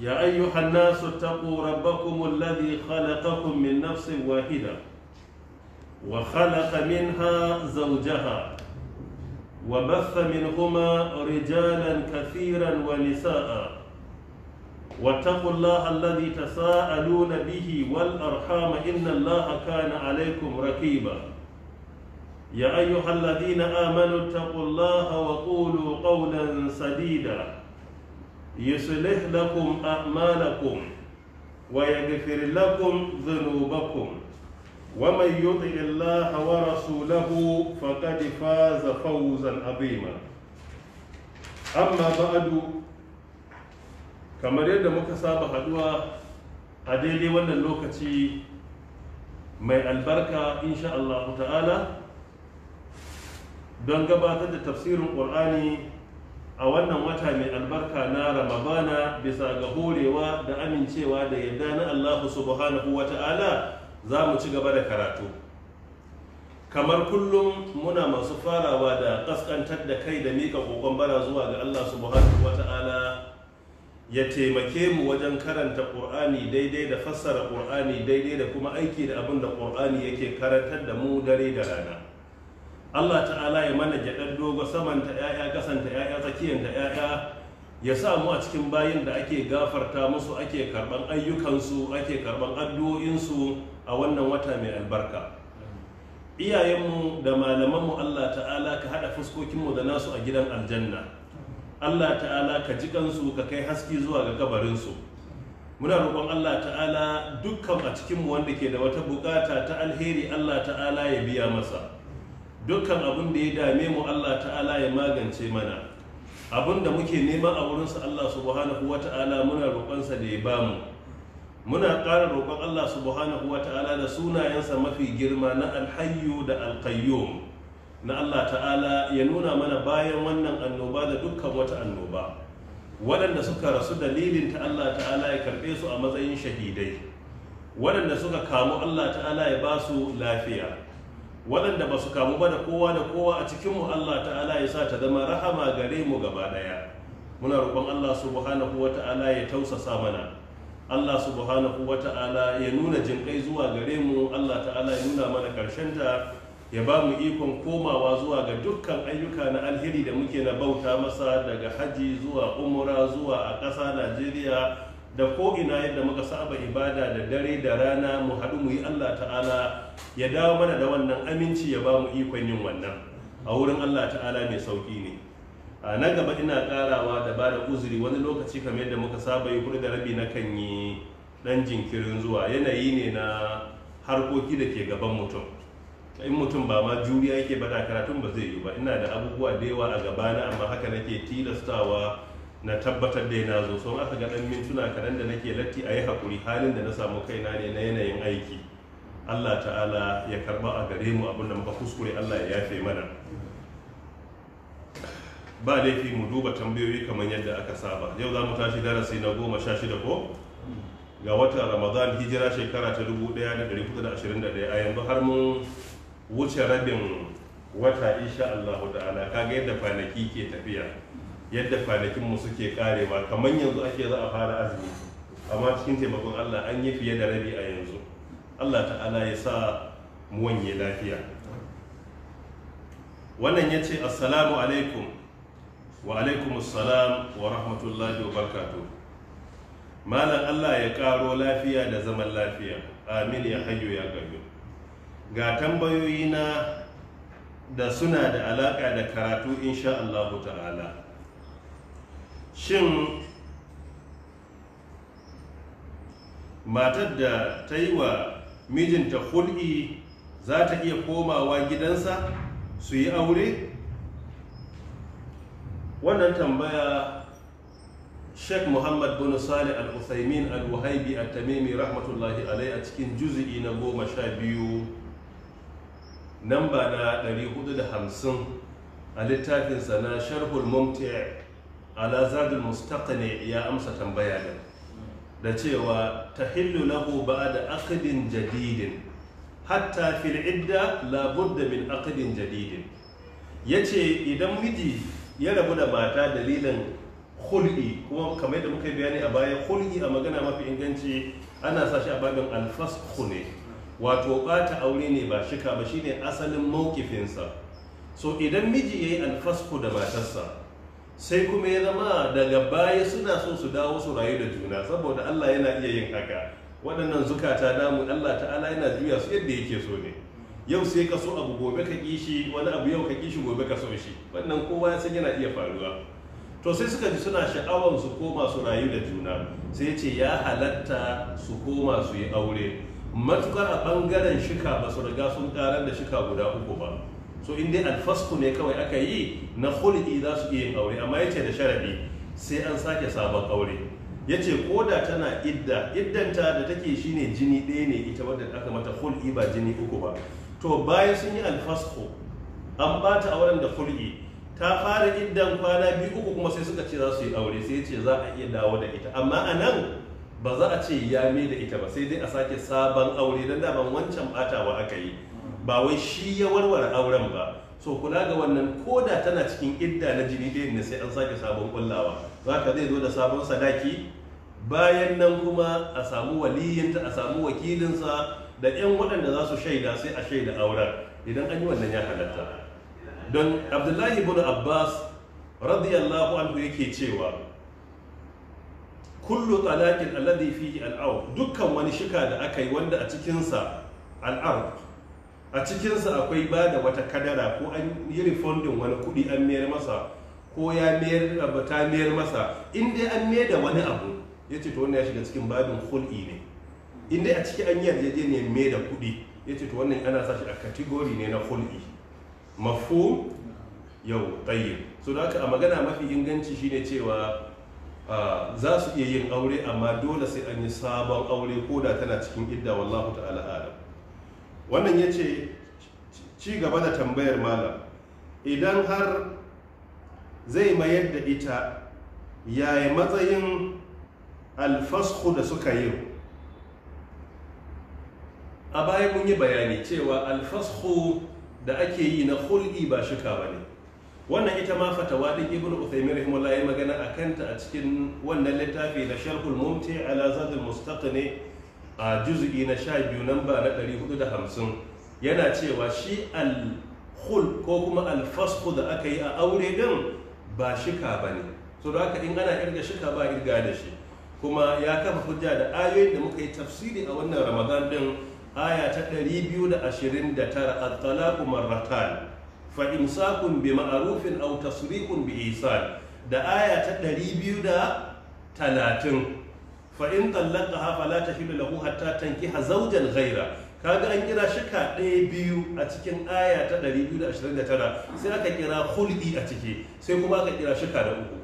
يا أيها الناس اتقوا ربكم الذي خلقكم من نفس واحدة وخلق منها زوجها وبث منهما رجالا كثيرا ونساء واتقوا الله الذي تساءلون به والأرحام إن الله كان عليكم ركيبا يا أيها الذين آمنوا اتقوا الله وقولوا قولا سديدا يصلح لكم أعمالكم ويغفر لكم ذنوبكم ومن يطع الله ورسوله فقد فاز فوزا عظيما أما بعد kamar yadda muka saba haɗuwa a daidai wannan lokaci mai albarka insha Allah ta'ala don gabatar da tafsirin ƙur'ani a wannan wata mai albarka na ramabana bisa ga horewa da amincewa da yarda na allahu subhanahu wa ta'ala za mu ci gaba da karatu kamar kullum muna masu farawa da kaskantar da kai da mika kokon bara zuwa ga allah subhanahu wa ta'ala ya taimake mu wajen karanta ƙur'ani daidai da fassara ƙur'ani daidai da kuma aiki da abin da ƙur'ani yake karantar da mu dare da rana Allah ta'ala ya mana gyaɗar dogo samanta ‘ya'ya kasanta ‘ya'ya tsakiyanta ‘ya'ya ya sa mu a cikin bayin da ake gafarta musu ake karɓan ayyukansu ake karɓan addu'o'insu a wannan wata mai albarka iyayenmu da malamanmu Allah ta'ala ka haɗa fuskokinmu da nasu a gidan aljanna Allah ta'ala ka ji kansu ka kai haski zuwa ga kabarinsu muna roƙon Allah ta'ala dukkan a cikinmu wanda ke da wata buƙata ta alheri Allah ta'ala ya biya masa dukkan abin da ya dame mu Allah ta'ala ya magance mana abin da muke nema a wurinsa Allah subhanahu wa ta'ala muna roƙonsa da ya ba mu muna ƙara roƙon Allah subhanahu wa ta'ala da sunayensa mafi girma na alhayyu da alqayyum na Allah ta'ala ya nuna mana bayan wannan annoba da dukkan wata annoba waɗanda suka rasu dalilin ta Allah ta'ala ya karɓe su a matsayin shahidai waɗanda suka kamu Allah ta'ala ya ba su lafiya waɗanda ba su kamu ba da kowa da kowa a cikinmu Allah ta'ala ya sa ta zama rahama gare mu gaba ɗaya muna roƙon Allah subhanahu wa ta'ala ya tausasa mana Allah subhanahu wa ta'ala ya nuna jinƙai zuwa gare mu Allah ta'ala ya nuna mana ƙarshen ta ya ba mu ikon komawa zuwa ga dukkan ayyuka na alheri da muke na bauta masa daga hajji zuwa umura zuwa a ƙasa Najeriya da ko ina yadda muka saba ibada da dare da rana mu haɗu mu yi Allah ta'ala ya dawo mana da wannan aminci ya ba mu ikon yin wannan a wurin Allah ta'ala mai sauki ne a na gaba ina ƙarawa da ba da uzuri wani lokaci kamar yadda muka saba yi da rabi na kan yi dan jinkirin zuwa yanayi ne na harkoki da ke gaban mutum in mutum ba ma juriya yake ba karatun ba zai yi ba ina da abubuwa da yawa a gabana amma haka nake tilastawa na tabbatar da yana zo son aka ga ɗan mintuna kaɗan da nake latti a yi haƙuri halin da na samu kaina ne na yanayin aiki allah ta'ala ya karɓa a gare mu abin da muka kuskure allah ya yafe mana ba laifi mu duba tambayoyi kamar yadda aka saba yau za mu tashi darasi na goma sha shida ko ga watan ramadan hijira shekara ta dubu ɗaya da da da ashirin ɗaya. a yanzu har mun wuce rabin wata insha allahu ta'ala kaga yadda kwanaki ke tafiya yadda kwanakinmu suke karewa kamar yanzu ake za a fara azumi amma cikin taimakon allah an yi fiye da rabi a yanzu allah ta'ala ya sa mu wanye lafiya wannan ya ce assalamu alaikum wa alaikum assalam wa rahmatullahi wa barkatu malam allah ya karo lafiya da zaman lafiya amin ya hayo ya gayo ga tambayoyi na da suna da alaka da karatu insha Allah ta'ala shin matar da ta yi wa mijinta hulɗi za ta iya komawa gidansa su yi aure wannan tambaya sheikh muhammad bin salih al-usaimin al-wahaibi al-tamimi rahmatullahi alai a cikin juzi'i na goma sha biyu namba na 450 a littafinsa na sharhul mumti' ala zadul mustaqni ya amsa tambaya da da cewa tahillu lahu ba'da aqdin jadidin hatta fil idda la budda min aqdin jadidin yace idan miji ya rabu da mata dalilin hul'i kuma kamar yadda muka yi bayani a baya hul'i a magana mafi inganci ana sa shi a babin alfasqu ne wato bata aure ne ba shika ba shine asalin maukifinsa so idan miji yayi alfasku da matarsa sai kuma ya zama daga baya suna so su dawo su rayu da juna saboda Allah yana iya yin haka waɗannan zukata damu Allah ta'ala yana juya su yadda yake so ne yau sai ka so abu gobe ka ƙi wani abu yau ka kishi gobe ka so shi wannan kowa ya san yana iya faruwa to sai suka ji suna sha'awar su koma su rayu da juna sai ce ya halatta su koma su yi aure matukar a ɓangaren shika ba su riga sun ƙarar da shika guda uku ba so in dai alfasku ne kawai aka yi na hulɗi za su iya aure amma ya ce da sharadi sai an sake sabon aure yace ko da tana idda iddanta da take shine jini ɗaya ne ita wadda aka mata hulɗi ba jini uku ba to bayan sun yi alfasku an ba ta auren da hulɗi ta fara iddan kwana biyu uku kuma sai suka ce za su yi aure sai ce za a iya dawo da ita amma a nan ba za a ce ya da ita ba sai dai a sake sabon aure don daman wancan ɓatawa aka yi ba wai shi ya warware auren ba so kula ga wannan koda tana cikin idda na jini ɗaya ne sai an sake sabon kullawa za ka zai zo da sabon sadaki bayan nan kuma a samu waliyinta a samu wakilinsa da 'yan waɗanda za su shaida sai a shaida auren idan an yi wannan ya halatta don abdullahi ibn abbas radiyallahu anhu yake cewa kullu talaqin alladhi fihi al'aw dukkan wani shika da aka yi wanda a cikinsa al'ar a cikinsa akwai ba da wata kadara ko an yi refundin wani kuɗi an mayar masa ko ya mayar ta mayar masa in dai an mayar da wani abu ya ce to wannan ya shiga cikin babin hul'i ne in dai a ciki an yarjejeniyar mayar da kuɗi ya ce to wannan ana sa a katigori ne na hul'i mafu yau tayyib so da haka a magana mafi inganci shine cewa za su iya yin aure amma dole sai an yi sabon aure ko da tana cikin idda wallahu ta'ala alam wannan ya ce ci gaba da tambayar malam idan har zai mayar da ita yaya matsayin alfasku da suka yi a baya mun yi bayani cewa alfasku da ake yi na hulɗi ba shuka ba ne wannan ita ma fatawa din ibnu uthaymin rahimahullah ya magana a kanta a cikin wannan littafi da sharhul mumti ala zadul mustaqni a juzu'i na sha biyu namba na hamsin yana cewa shi al hul ko kuma alfasku da aka yi a aure din ba shika ba ne so da haka in ana irga shika ba irga da shi kuma ya kafa hujja da ayoyin da muka yi tafsiri a wannan ramadan din aya ta 229 al-talaku marratan fa imsakun bi ma'rufin aw tasrihun bi ihsan da aya ta 230 fa in tallaqaha fala tahillu lahu hatta ha zawjan ghaira kaga an kira shika ɗaya biyu a cikin aya ta 229 sai aka kira hulɗi a ciki sai kuma aka kira shika da uku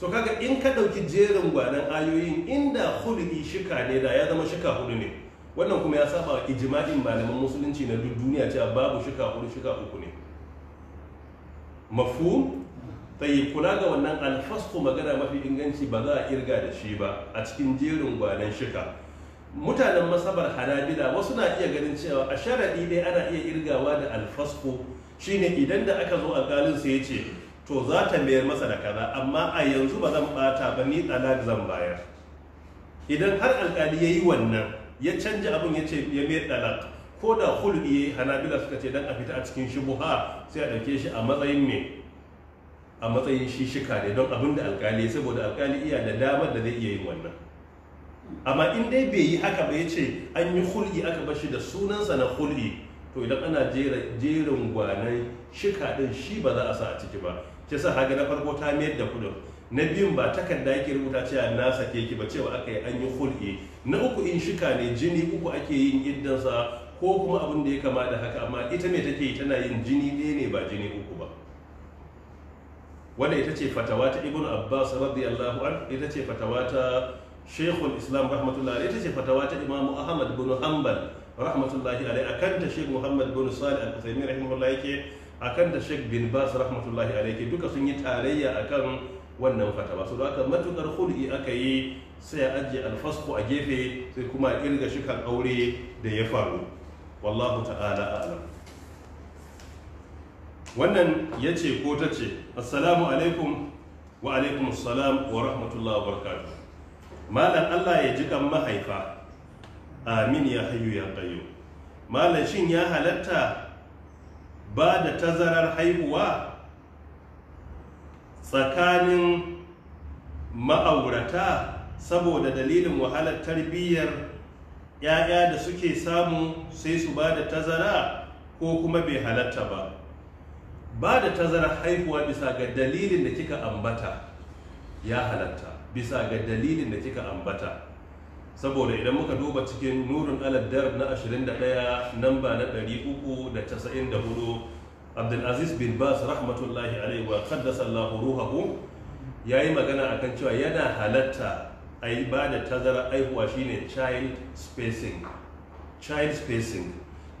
To kaga in ka ɗauki jerin gwanan ayoyin inda hulɗi shika ne da ya zama shika hudu ne wannan kuma ya saba ijma'in malaman musulunci na duk duniya cewa babu shika hudu shika uku ne mafhum tayi kula ga wannan alfasku magana mafi inganci ba za a irga da shi ba a cikin jerin gwanan shika mutanen masabar hanabila wasu na iya ganin cewa a sharaɗi dai ana iya irgawa da alfasku shine idan da aka zo alƙalin sai ya ce to za ta mayar masa da kaza amma a yanzu ba zan bata ba ni da zan bayar idan har alƙali ya yi wannan ya canja abin ya ce ya mayar talak ko da hulɗi ya hanabila suka ce dan a fita a cikin shubuha sai a ɗauke shi a matsayin mai a matsayin shi shika ne don abin da alkali saboda alkali iya da damar da zai iya yin wannan amma in dai bai yi haka ba ya ce an yi hulɗi aka bashi da sunansa na hulɗi to idan ana jerin gwanan shika ɗin shi ba za a sa a ciki ba ke sa haga na farko ta mayar da kudin na biyun ba takarda yake rubuta cewa na sake ki ba cewa aka yi an yi hulɗi na uku in shika ne jini uku ake yin iddansa ko kuma abin da ya kama da haka amma ita ne take yi tana yin jini ɗaya ne ba jini uku ba wanda ita ce fatawa ta ibn abbas radiyallahu an ita ce fatawa ta shekul islam rahmatullahi ita ce fatawa ta imamu ahmad bin hanbal rahmatullahi alai akan ta shek muhammad bin salih al-usaimin rahimahullah yake akan ta shek bin bas rahmatullahi alai duka sun yi tarayya akan wannan fatawa su haka matukar hulɗi aka yi sai a ajiye alfasku a gefe sai kuma a kirga shi kan aure da ya faru wallahu ta'ala a'lam wannan ya ce ko ta ce assalamu alaikum wa alaikum salam wa rahmatullahi wa barakatu malam allah ya ji kan mahaifa amin ya hayu ya kayo malam shin ya halatta ba da tazarar haihuwa tsakanin ma'aurata saboda dalilin wahalar tarbiyyar ‘ya'ya da suke samu sai su ba da tazara ko kuma bai halatta ba ba da tazarar haihuwa bisa ga dalilin da kika ambata ya halatta bisa ga dalilin da kika ambata saboda idan muka duba cikin nurin aladdar na 21 ba na 394 abdulaziz bin bas rahmatullahi alaiwa wa qaddasallahu ruhahu ya yi magana a kan cewa yana halatta a yi ba da tazarar haihuwa shine child spacing child spacing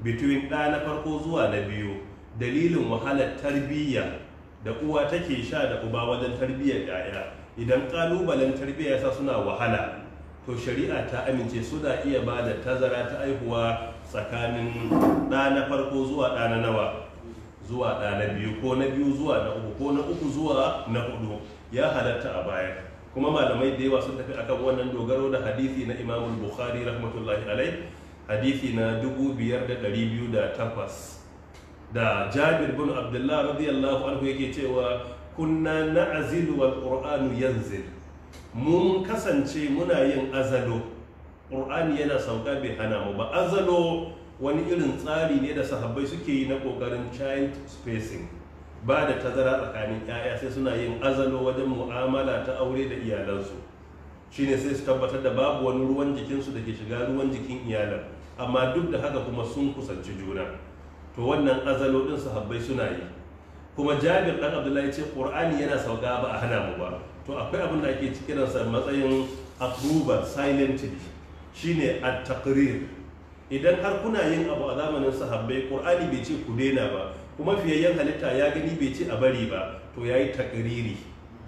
between ɗa na farko zuwa na biyu dalilin wahalar tarbiyya da uwa take sha da uba wajen tarbiyyar yaya idan kalubalen tarbiyya yasa suna wahala to shari'a ta amince suna iya ba da tazara ta aihuwa tsakanin ɗa na farko zuwa ɗa na nawa zuwa ɗa na biyu ko na biyu zuwa na uku ko na uku zuwa na hudu ya halatta a baya kuma malamai da yawa sun tafi akan wannan dogaro da hadisi na imamul bukhari rahmatullahi alai hadisi na takwas. da jabir bin abdullah radiyallahu anhu yake cewa kunna na'zilu wal qur'anu yanzil mun kasance muna yin azalo qur'ani yana sauka bai hana mu ba azalo wani irin tsari ne da sahabbai suke yi na kokarin child spacing ba da tazara tsakanin yaya sai suna yin azalo wajen mu'amala ta aure da iyalansu shine sai su tabbatar da babu wani ruwan jikinsu da ke shiga ruwan jikin iyalan amma duk da haka kuma sun kusanci juna to wannan azalo din sahabbai suna yi kuma jabir dan abdullahi ce qur'ani yana sauka ba a hana mu ba to akwai abin da ake cikin sa matsayin approval silently shine at-taqrir idan har kuna yin abu a zamanin sahabbai qur'ani bai ce ku daina ba kuma fiyayyen halitta ya gani bai ce a bari ba to yayi takriri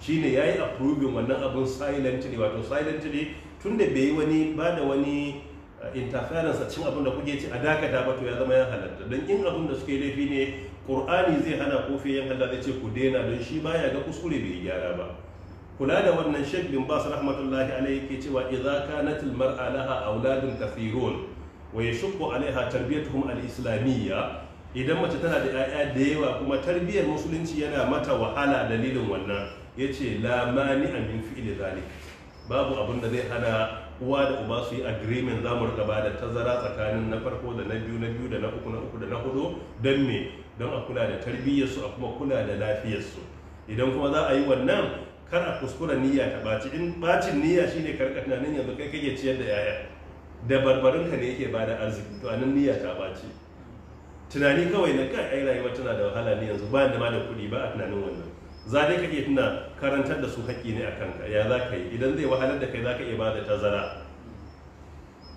shine yayi approving wannan abun silently wato silently tunda bai yi wani ba da wani interference a cin abin da kuke ci a dakata ba to ya zama ya halatta don in abin da suke laifi ne qur'ani zai hana ko fi Allah halatta ce ku daina don shi baya ga kuskure bai gyara ba kula da wannan Sheikh bin Bas rahmatullahi alaihi ke cewa idza kanatil mar'a laha auladun kathirun wa yashqu alaiha tarbiyatuhum al-islamiyya idan mace tana da 'ya'ya da yawa kuma tarbiyyar musulunci yana mata wahala dalilin wannan yace la mani min fi'li zalik babu abin da zai hana uwa da uba su yi agreement za mu rika da tazara tsakanin na farko da na biyu na biyu da na uku na uku da na hudu don me don a kula da tarbiyyarsu a kuma kula da lafiyarsu idan kuma za a yi wannan kar a kuskura niyya ta baci in bacin niyya shine karka tunanin yanzu kai kake ciyar da yaya da barbarinka ne yake bada arziki to anan niyya ta baci tunani kawai na kai ai rayuwa tana da wahala ne yanzu ba da ma da kuɗi ba a tunanin wannan za dai ka tuna karantar da su haƙƙi ne a kanka ya za ka yi idan zai wahalar da kai za ka iya ba da tazara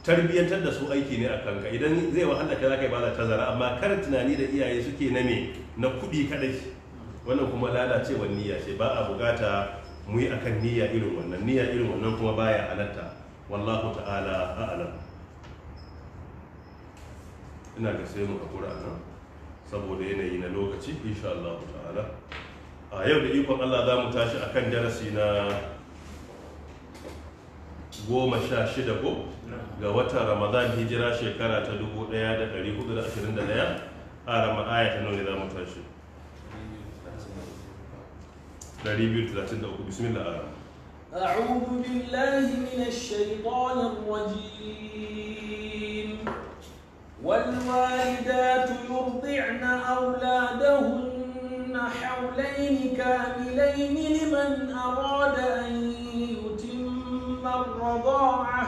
tarbiyyantar da su aiki ne a kanka idan zai wahalar da kai za ka iya ba da tazara amma kar tunani da iyaye suke na me na kuɗi kaɗai wannan kuma lalacewar niyya ce ba a bukata mu yi akan niyya irin wannan niyya irin wannan kuma baya halatta wallahu ta'ala a'lam ina ga sai mu hakura nan saboda yanayi na lokaci insha Allah ta'ala a yau da ikon Allah za mu tashi akan darasi na goma sha shida ko ga watan ramadan hijira shekara ta 1421 a rama ayata ta nuna za mu tashi 233 bismillah أعوذ بالله من الشيطان الرجيم والوالدات يرضعن أولادهن لهن حولين كاملين لمن أراد أن يتم الرضاعة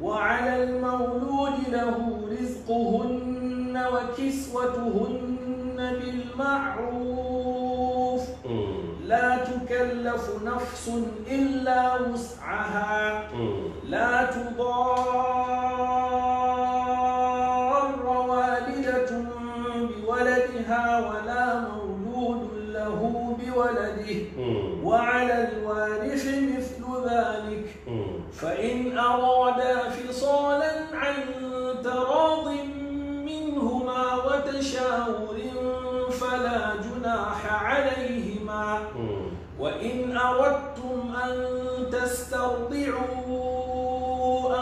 وعلى المولود له رزقهن وكسوتهن بالمعروف لا تكلف نفس إلا وسعها لا تضار ولده وعلى الوارث مثل ذلك فإن أرادا فصالا عن تراض منهما وتشاور فلا جناح عليهما وإن أردتم أن تسترضعوا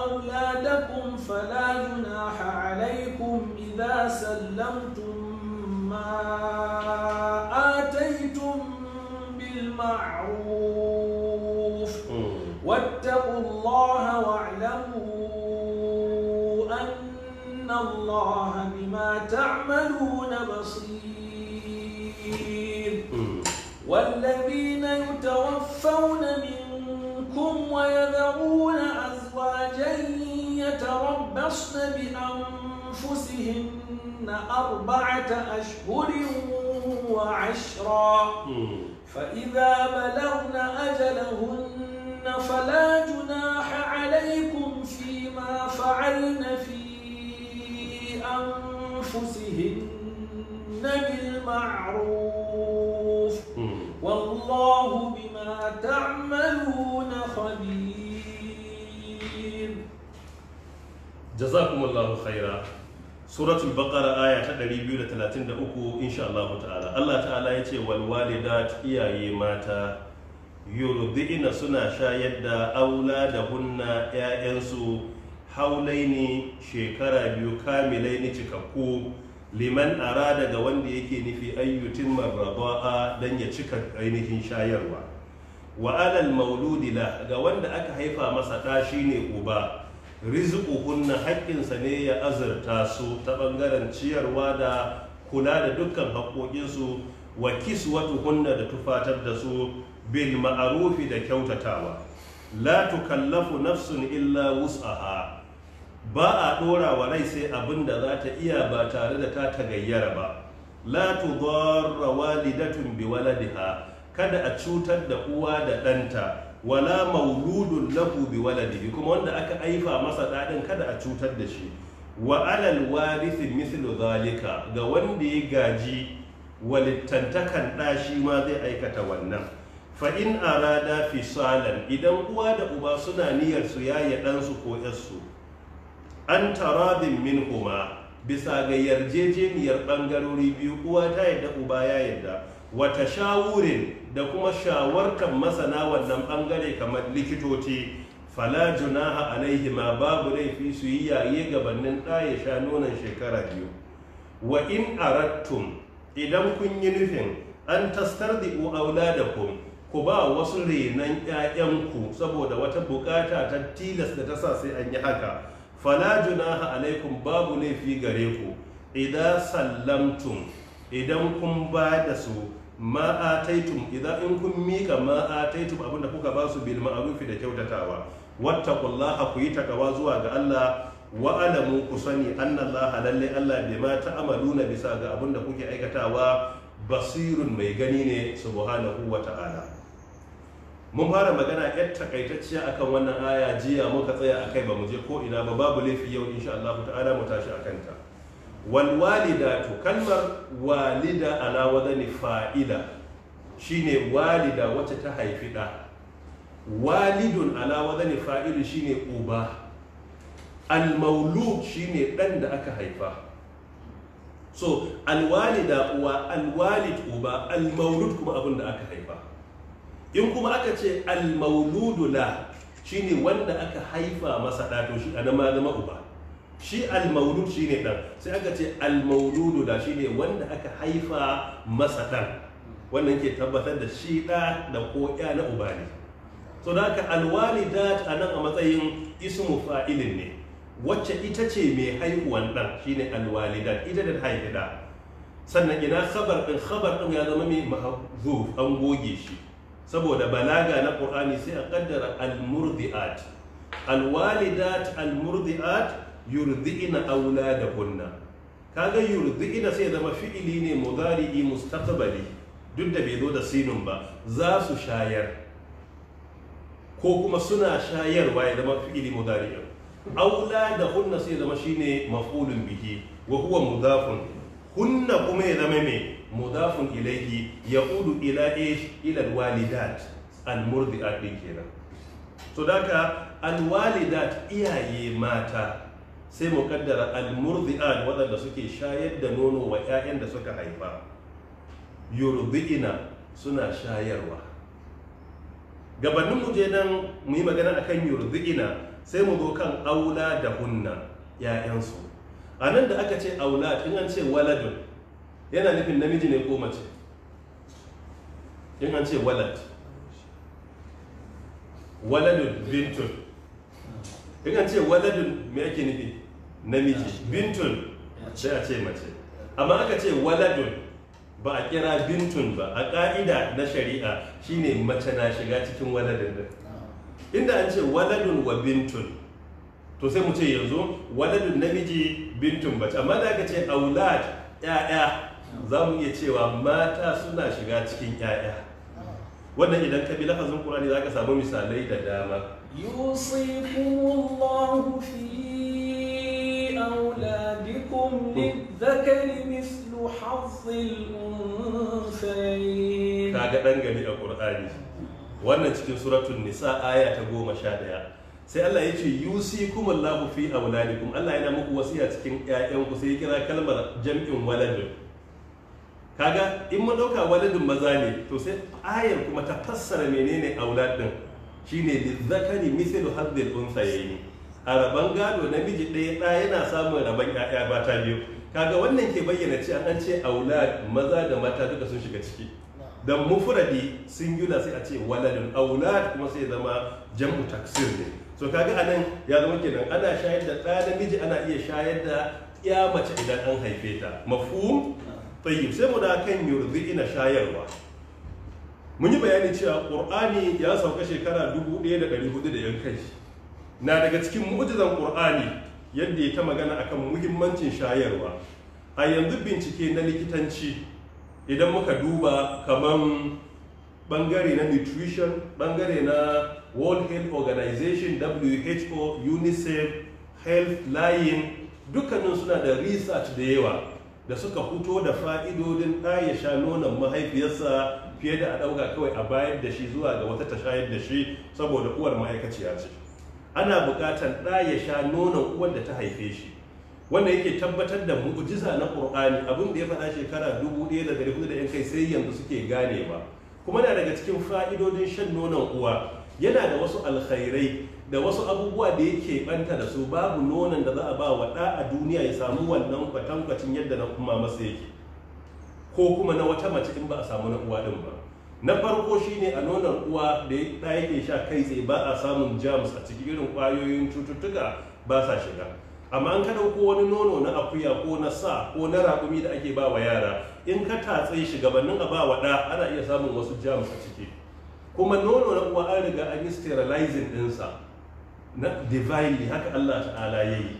أولادكم فلا جناح عليكم إذا سلمتم ما بالمعروف واتقوا الله واعلموا أن الله بما تعملون بصير والذين يتوفون منكم ويذرون أزواجا يتربصن بأنفسهن أربعة أشهر وعشرا فإذا بلغن أجلهن فلا جناح عليكم فيما فعلن في أنفسهن بالمعروف والله بما تعملون خبير جزاكم الله خيرا suratul bakara aya ta 233 insha Allah ta'ala Allah ta'ala ya ce wal walidat iyaye mata yurdina suna shayar da aula da hunna haulai ne shekara biyu kamilaini cikakku liman ara daga wanda yake nufi ayyutin marraba'a dan ya cika ainihin shayarwa wa alal mauludi la ga wanda aka haifa masa ɗa shine uba kunna haƙƙinsa ne ya azurta su ta ɓangaren ciyarwa da kula da dukkan haƙoƙinsu wa kunna da tufatar da su bil ma'arufi da kyautatawa la tukallafu nafsun illa wus'aha ba a ɗora wa rai sai abin da za ta iya ba tare da ta tagayyara ba la tudarra walidatun bi waladiha kada a cutar da uwa da ɗanta wala mauludun lahu bi waladihi kuma wanda aka aifa masa dadin kada a cutar da shi wa alal warisi mithlu zalika ga wanda ya gaji walittantakan ɗa shi ma zai aikata wannan fa in arada fisalan idan uwa da uba suna niyyar su yaye dan su ko yar su an taradin kuma. bisa ga yarjejeniyar ɓangarori biyu uwa ta yadda uba ya yadda wata shawurin da kuma shawartar masana wannan bangare kamar likitoci fala junaha alaihi ma babu laifi su yi yaye gabanin ɗaya sha nonon shekara biyu wa in arattum idan kun yi nufin an da da da ku ba wasu renon 'ya'yanku saboda wata bukata ta tilas da ta sa sai an yi haka fala junaha alaikum babu laifi gare ku idan sallamtum idan kun ba da su maataitum idan in kun mika ma'ataitum abinda kuka ba su bil ma'rufi da kyautatawa wattaqullaha ku yi takawa zuwa ga Allah wa alamu ku sani annallaha lalle Allah bima ta'maluna bisa ga abinda kuke aikatawa basirun mai gani ne subhanahu wa ta'ala mun fara magana yar takaitacciya akan wannan aya jiya muka tsaya akai ba mu je ko ina ba babu laifi yau insha Allah ta'ala mu tashi akan ta walwalida to kalmar walida ala wadani fa'ila shine walida wacce ta haifi ɗa walidun ala wadani fa'ilu shine uba almaulud shine ɗan da aka haifa so alwalida uwa alwalid uba almaulud kuma abin da aka haifa in kuma aka ce almauludu la shine wanda aka haifa masa ɗatoshi to shi a ma zama uba shi al-maulud ne ɗan. sai aka ce al da da ne wanda aka haifa masa ɗan. wannan ke tabbatar da shi da da ko ya na uba ne so da haka al-walidat nan a matsayin ismu fa'ilin ne wacce ita ce mai haihuwan ɗan shine al-walidat ita da haifi da sannan ina khabar ɗin khabar ɗin ya zama mai mahzuf an goge shi saboda balaga na qur'ani sai a kaddara al alwalidat al yurdi'ina auladahunna kaga yurdi'ina sai zama fi'ili ne mudari'i mustaqbali duk da bai zo da sinun ba za su shayar ko kuma suna shayarwa ya zama fi'ili mudari'i kunna sai zama shine maf'ulun bihi wa huwa mudafun hunna kuma ya zama mai mudafun ilayhi yaudu ila ish ila alwalidat almurdi'at kenan to daka alwalidat iyaye mata sai mu kaddara almurdi'at waɗanda suke shayar da nono wa 'ya'yan da suka haifa yurdi'ina suna shayarwa gabanin mu je nan mu yi magana akan yurdi'ina sai mu zo kan aula da hunna 'ya'yansu a nan da aka ce aula in an ce waladun yana nufin namiji ne ko mace in an ce walad waladun bintun in an ce waladun me ake nufi namiji bintun sai a ce mace amma aka ce waladun ba a kira bintun ba a ƙa'ida na shari'a shine mace na shiga cikin waladun din inda an ce waladun wa bintun to sai mu ce yanzu waladun namiji bintun bace amma da aka ce aulad ya'ya za mu iya cewa mata suna shiga cikin ya'ya wannan idan ka bi lafazin Qur'ani zaka samu misalai da dama yusikumullahu fi أولادكم للذكر مثل حظ الأنثيين كاغا القرآن wannan cikin suratul nisa aya ta goma sha ɗaya sai Allah ya ce yusi kuma Allahu fi auladikum Allah yana muku wasiya cikin ku sai ya kira kalmar jam'in waladun kaga in mun ɗauka waladun maza ne to sai ayar kuma ta fassara menene auladin shine lizzakari mithlu haddil unsayayni a rabon gado na miji ɗaya ɗa yana samun rabon ƴaƴa mata biyu kaga wannan ke bayyana ce an ce aulad maza da mata duka sun shiga ciki da mufradi singular sai a ce waladun aulad kuma sai zama jam'u taksir ne so kaga anan ya zama kenan ana shayar da na miji ana iya shayar da ya mace idan an haife ta mafhum tayyib sai mu da kan yurdi ina shayarwa mun yi bayani cewa qur'ani ya sauka shekara 1400 da yan kai na daga cikin mu'jizan qur'ani yadda ya ta magana kan muhimmancin shayarwa a yanzu bincike na likitanci idan muka duba kamar bangare na nutrition bangare na world health organization who unicef health lion dukkanin suna da research da yawa da suka fito da fa'idodin ɗaya sha nonon mahaifiyarsa fiye da a ɗauka kawai a bayar da shi zuwa ga wata ta shayar da shi saboda uwar ma'aikaciya ce ana buƙatar ɗa ya sha nonon uwar da ta haife shi wanda yake tabbatar da mu'jiza na ƙur'ani abin da ya faɗa shekara 1400 da yan kai sai yanzu suke gane ba. kuma na daga cikin fa'idodin shan nonon uwa yana da wasu alkhairai da wasu abubuwa da yake ɓanta da su babu nonon da za a ba wa ɗa a duniya ya samu wannan kwatankwacin yadda na kuma masa yake ko kuma na wata mace in ba a samu na uwa ɗin ba na farko shine a nonon uwa da ya yake sha kai tsaye ba a samun jams a cikin irin kwayoyin cututtuka ba sa shiga amma an ka dauko wani nono na akuya ko na sa ko na raƙumi da ake ba wa yara in ka tatse shi gabanin a ba wa ɗa ana iya samun wasu jams a ciki kuma nono na uwa an riga an yi sterilizing ɗinsa na divinely haka Allah ta'ala ya yi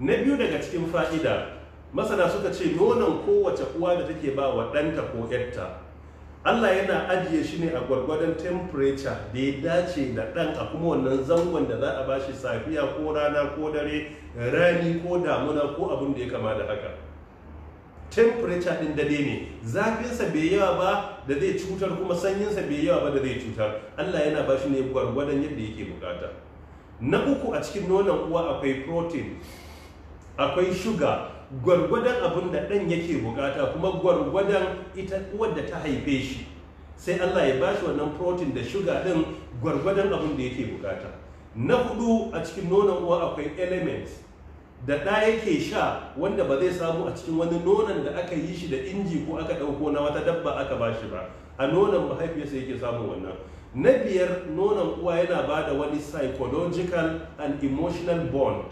na biyu daga cikin fa'ida masana suka ce nonon kowace uwa da take ba wa ɗanta ko 'yarta Allah yana ajiye shi ne a gwargwadon temperature da ya dace da ɗan a kuma wannan zangon da za a bashi safiya ko rana ko dare rani ko damuna ko abin da ya kama da haka temperature ɗin dare ne zafinsa bai yawa ba da zai cutar kuma sanyinsa bai yawa ba da zai cutar Allah yana ba shi ne gwargwadon yadda yake bukata na uku a cikin nonon uwa akwai protein akwai sugar gwargwadon abin da ɗan yake bukata kuma gwargwadon ita uwar da ta haife shi sai Allah ya bashi wannan protein da shuga ɗin gwargwadon abin da yake bukata na hudu a cikin nonon uwa akwai element da ɗa yake sha wanda ba zai samu a cikin wani nonon da aka yi shi da inji ko aka ɗauko na wata dabba aka ba shi ba a nonon mahaifiyarsa yake samun wannan na biyar nonon uwa yana ba da wani psychological and emotional bond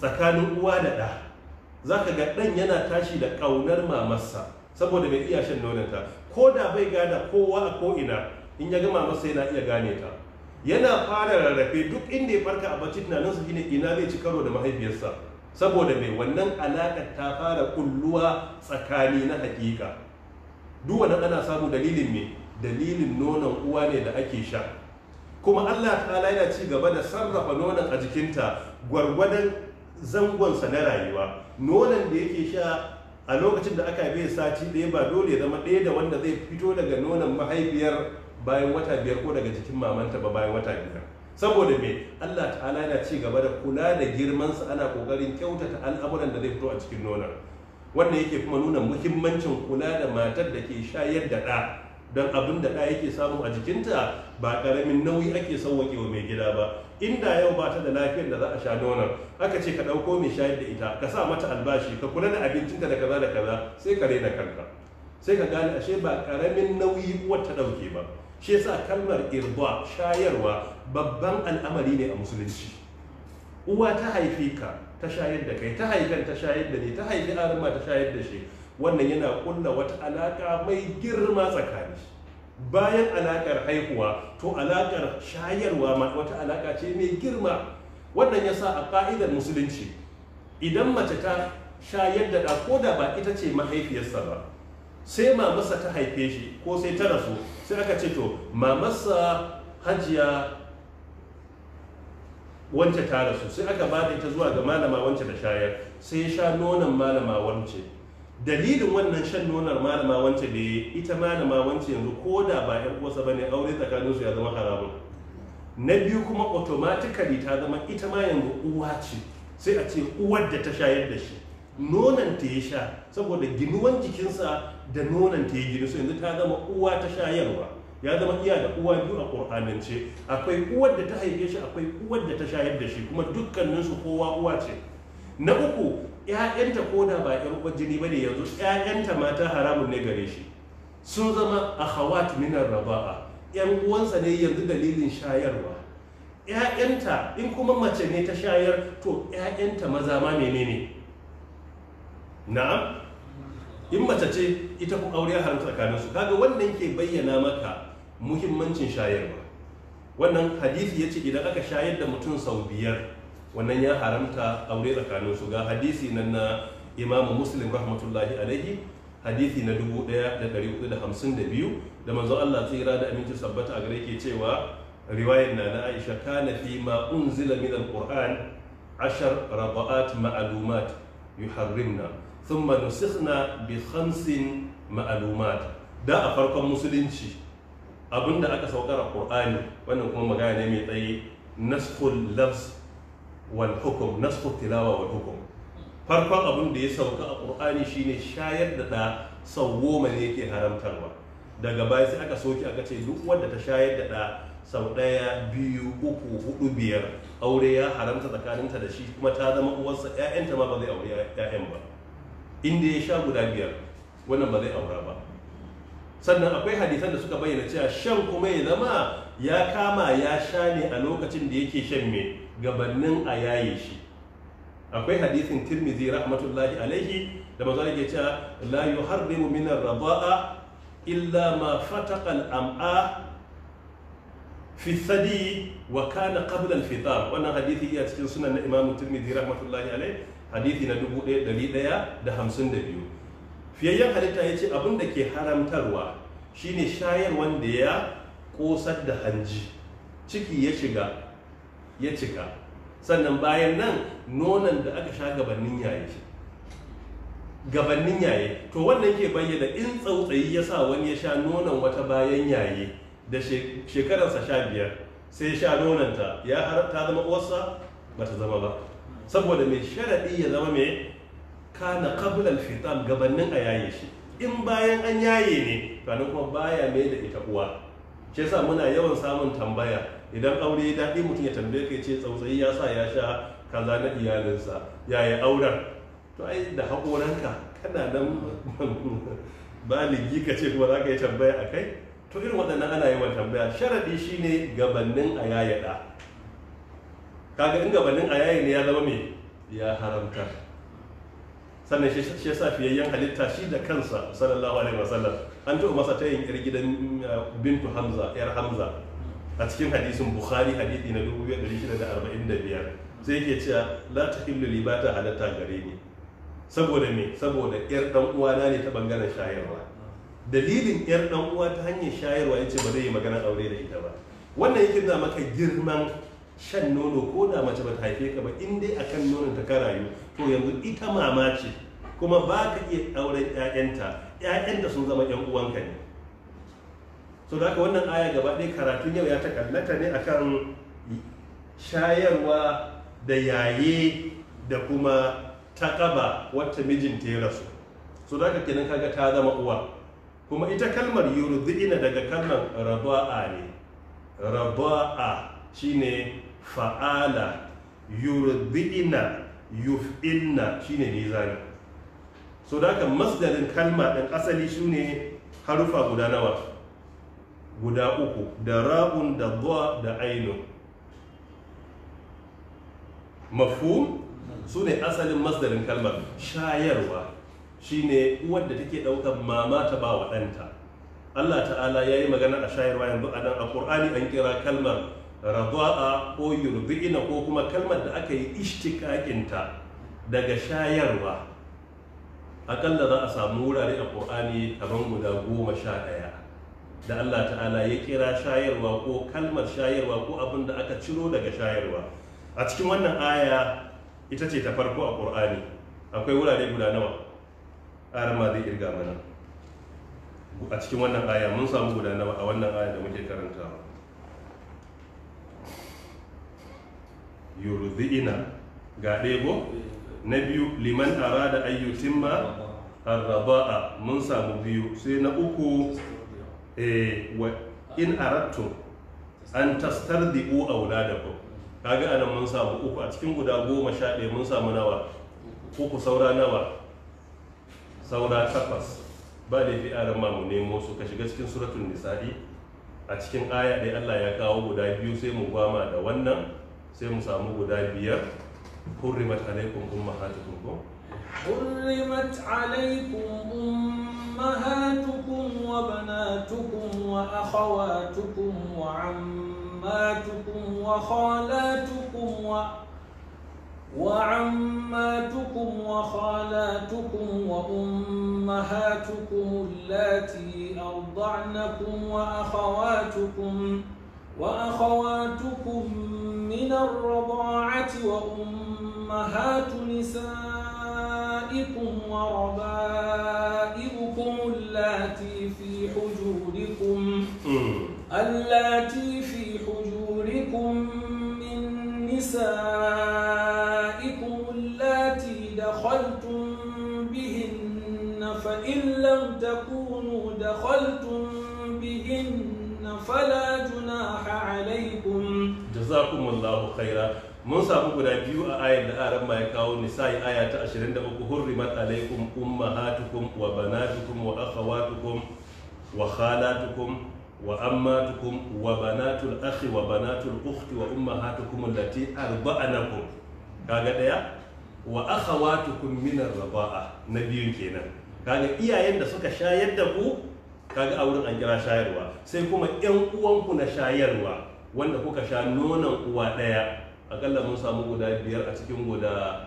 tsakanin uwa da ɗa za ka ga ɗan yana tashi da ƙaunar mamarsa saboda mai iya shan nonanta ko da bai gada kowa a ko'ina in ya ga mamarsa yana iya gane ta yana fara rarrafe duk inda ya farka a bacci su shine ina zai ci karo da mahaifiyarsa saboda mai wannan alaƙar ta fara kulluwa tsakani na hakika duk ana samu dalilin me dalilin nonon uwa ne da ake sha kuma Allah Ta yana ci gaba da sarrafa nonon a jikinta gwargwadon zangonsa na rayuwa nonon da yake sha a lokacin da aka bai sati ɗaya ba dole ya zama ɗaya da wanda zai fito daga nonon mahaifiyar bayan wata biyar ko daga cikin mamanta ba bayan wata biyar saboda me Allah ta'ala yana ci gaba da kula da girmansa ana kokarin kyautata al'amuran da zai fito a cikin nonon wanda yake kuma nuna muhimmancin kula da matar da ke shayar da ɗa don abin da ɗa yake samu a jikinta ba ƙaramin nauyi ake sauwaƙe mai gida ba inda yau ba ta da lafiyar da za a sha nonon aka ce ka ɗauko mai shayar da ita ka sa mata albashi ka kula da abincinta da kaza da kaza sai ka raina kanka sai ka gane ashe ba karamin nauyi uwar ta ɗauke ba shi yasa kalmar irba shayarwa babban al'amari ne a musulunci uwa ta haife ka ta shayar da kai ta haifar ta shayar da ni ta haifi arma ta shayar da shi wannan yana ƙulla wata alaƙa mai girma tsakani bayan alaƙar haihuwa to alakar shayarwa ma wata alaƙa ce mai girma wannan ya sa a ka'idar musulunci idan mace ta shayar da ɗa ko da ba ita ce mahaifiyarsa ba sai mamarsa ta haife shi ko sai ta rasu sai aka ce to mamarsa hajiya wance ta rasu sai aka ba da ita zuwa ga malama wance da shayar sai ya sha nonon malama wance dalilin wannan shan nonar malama wance da ya ita malama wance yanzu ko da ba yan ba ne aure tsakanin su ya zama haramun na biyu kuma automatically ta zama ita ma yanzu uwa ce sai a ce uwar da ta shayar da shi Nonan ta ya sha saboda ginuwan jikinsa da nonan ta ya gini so yanzu ta zama uwa ta shayarwa ya zama iya da uwa biyu a ƙur'anance akwai uwar da ta haife shi akwai uwar da ta shayar da shi kuma dukkaninsu kowa uwa ce na uku ‘ya'yanta ko da ba ‘yan uwar jini ba ne yanzu ‘ya'yanta mata haramun ne gare shi sun zama a hawat minar raba'a ‘yan uwansa ne yanzu dalilin shayarwa ‘ya'yanta in kuma mace ne ta shayar to ‘ya'yanta maza ma menene na'am in mace ce ita ku aure har tsakaninsu kaga wannan ke bayyana maka muhimmancin shayarwa wannan hadisi ya ce idan aka shayar da mutum sau biyar wannan ya haramta aure tsakanin su ga hadisi nan na imam muslim rahmatullahi alaihi hadisi na 1452 da manzo Allah tsira da aminci sabbata a gare ke cewa riwayar na na Aisha kana fi ma unzila min alquran ashar raba'at ma'lumat yuharrimna thumma nusikhna bi khamsin ma'lumat da a farkon musulunci abinda aka saukar a qur'ani wannan kuma magana ne mai tsayi nasful lafz wal hukum nasu tilawa wal farkon abin da ya sauka a ƙur'ani shine shayar da ɗa sau goma ne yake haramtarwa daga baya sai aka soke aka ce duk wanda ta shayar da ɗa sau ɗaya biyu uku hudu biyar aure ya haramta tsakaninta da shi kuma ta zama uwarsa 'ya'yanta ma ba zai aure 'ya'yan ba inda ya sha guda biyar wannan ba zai aura ba sannan akwai hadisan da suka bayyana cewa shan kuma ya zama ya kama ya sha ne a lokacin da yake shan me gabannin a yaye shi akwai hadisin tirmidhi rahmatullahi alaihi da manzo yake cewa la yuharrimu min ar raba'a illa ma fataqa al-am'a fi sadi wa kana qabla al-fitar wannan hadisi ya cikin sunan na imamu Tirmidhi rahmatullahi alaihi hadisi na 1152 fiyayyen halitta yace abin da ke haramtarwa shine shayar wanda ya kosar da hanji ciki ya shiga ya cika sannan bayan nan nonon da aka sha gabannin yaye shi gabanin yaye to wannan ke bayyana in tsautsayi ya sa wani ya sha nonon wata bayan yaye da shekararsa sha biyar sai sha nononta ya harata zama uwarsa ba ta zama ba saboda mai sharaɗi ya zama mai kana qabla fitan gabannin a yaye shi in bayan an yaye ne to kuma baya mai da ita uwa shi yasa muna yawan samun tambaya idan aure ya daɗi mutum ya tambaye ka ce tsautsayi ya sa ya sha kaza na iyalinsa yaya auren to ai da haƙoranka kana nan baligi ka ce kuma za ka yi tambaya a kai to irin waɗannan ana yiwa tambaya sharaɗi shine gabanin a ɗa kaga in gabanin a yayi ne ya zama mai? ya haramta sannan shi ya sa fiyayyen halitta shi da kansa sallallahu alaihi wasallam an taɓa masa ta yin yar gidan uh, bintu hamza yar hamza a cikin hadisin bukhari hadisi na 2645 sai yake cewa la ta li ba ta halatta gare ni saboda me saboda yar dan uwana ne ta bangaren shayarwa dalilin yar dan uwa ta hanyar shayarwa yace ba zai yi magana aure da ita ba wannan yake da maka girman shan nono ko da mace ba ta haife ka ba in dai akan nonon ta ka rayu to yanzu ita mama ce kuma ba ka iya auren 'ya'yanta 'ya'yanta sun zama 'yan uwanka ne so da haka wannan aya gaba ɗaya karatun yau ya takallata ne akan shayarwa da yaye da kuma wata wacce ta ya rasu so da haka kenan kaga ta zama uwa kuma ita kalmar yurdi'ina daga kalmar raba'a ne raba'a shine fa'ala yurdi'ina yuf'ilna shine mizani so da haka masdarin kalma ɗin asali shine harufa guda nawa guda uku da ra'un da zuwa da ainu Mafu su ne asalin masdarin kalmar shayarwa shine uwar da take ɗaukar mama ta ba wa ɗanta Allah ta'ala ya yi magana a shayarwa yanzu a nan a Kur'ani an kira kalmar raba'a ko yurbi'ina ko kuma kalmar da aka yi ishtikakinta daga shayarwa aƙalla za a samu wurare a Kur'ani kamar guda goma sha ɗaya da Allah ta'ala ya kira shayarwa ko kalmar shayarwa ko abin da aka ciro daga shayarwa a cikin wannan aya ita ce ta farko a ƙur'ani akwai wurare guda nawa arama zai irga mana a cikin wannan aya mun samu guda nawa a wannan aya da muke karantawa yurzi'ina ga ɗebo na biyu liman arada ayyutimma arraba'a mun samu biyu sai na uku Eh, wa in ratu an wula da ku kaga anan mun samu uku a cikin guda goma sha ɗaya mun samu nawa uku saura nawa saura takwas ba da fi aran ma mu nemo su ka shiga cikin suratun nisa'i a cikin aya ɗaya Allah ya kawo guda biyu sai mu gwama da wannan sai mu samu guda biyar hurrimat alaikum ummahatukum hurrimat alaikum أمهاتكم وبناتكم وأخواتكم وعماتكم وخالاتكم و وعماتكم وخالاتكم وأمهاتكم اللاتي أرضعنكم وأخواتكم وأخواتكم من الرضاعة وأمهات نسائكم نسائكم وربائكم اللاتي في حجوركم اللاتي في حجوركم من نسائكم اللاتي دخلتم بهن فإن لم تكونوا دخلتم بهن فلا جناح عليكم جزاكم الله خيرا mun samu guda biyu a ayar da aran ma ya kawo nisa'i aya ta 23 hurrimat alaikum ummahatukum wa banatukum wa akhawatukum wa khalatukum wa ammatukum wa banatul akhi wa banatul ukhti wa ummahatukum allati arba'anakum kaga daya wa akhawatukum min arba'a na biyun kenan kaga iyayen da suka shayar da ku kaga a wurin an kira shayarwa sai kuma yan uwanku na shayarwa wanda kuka sha nonon uwa daya akalla mun samu guda biyar a cikin guda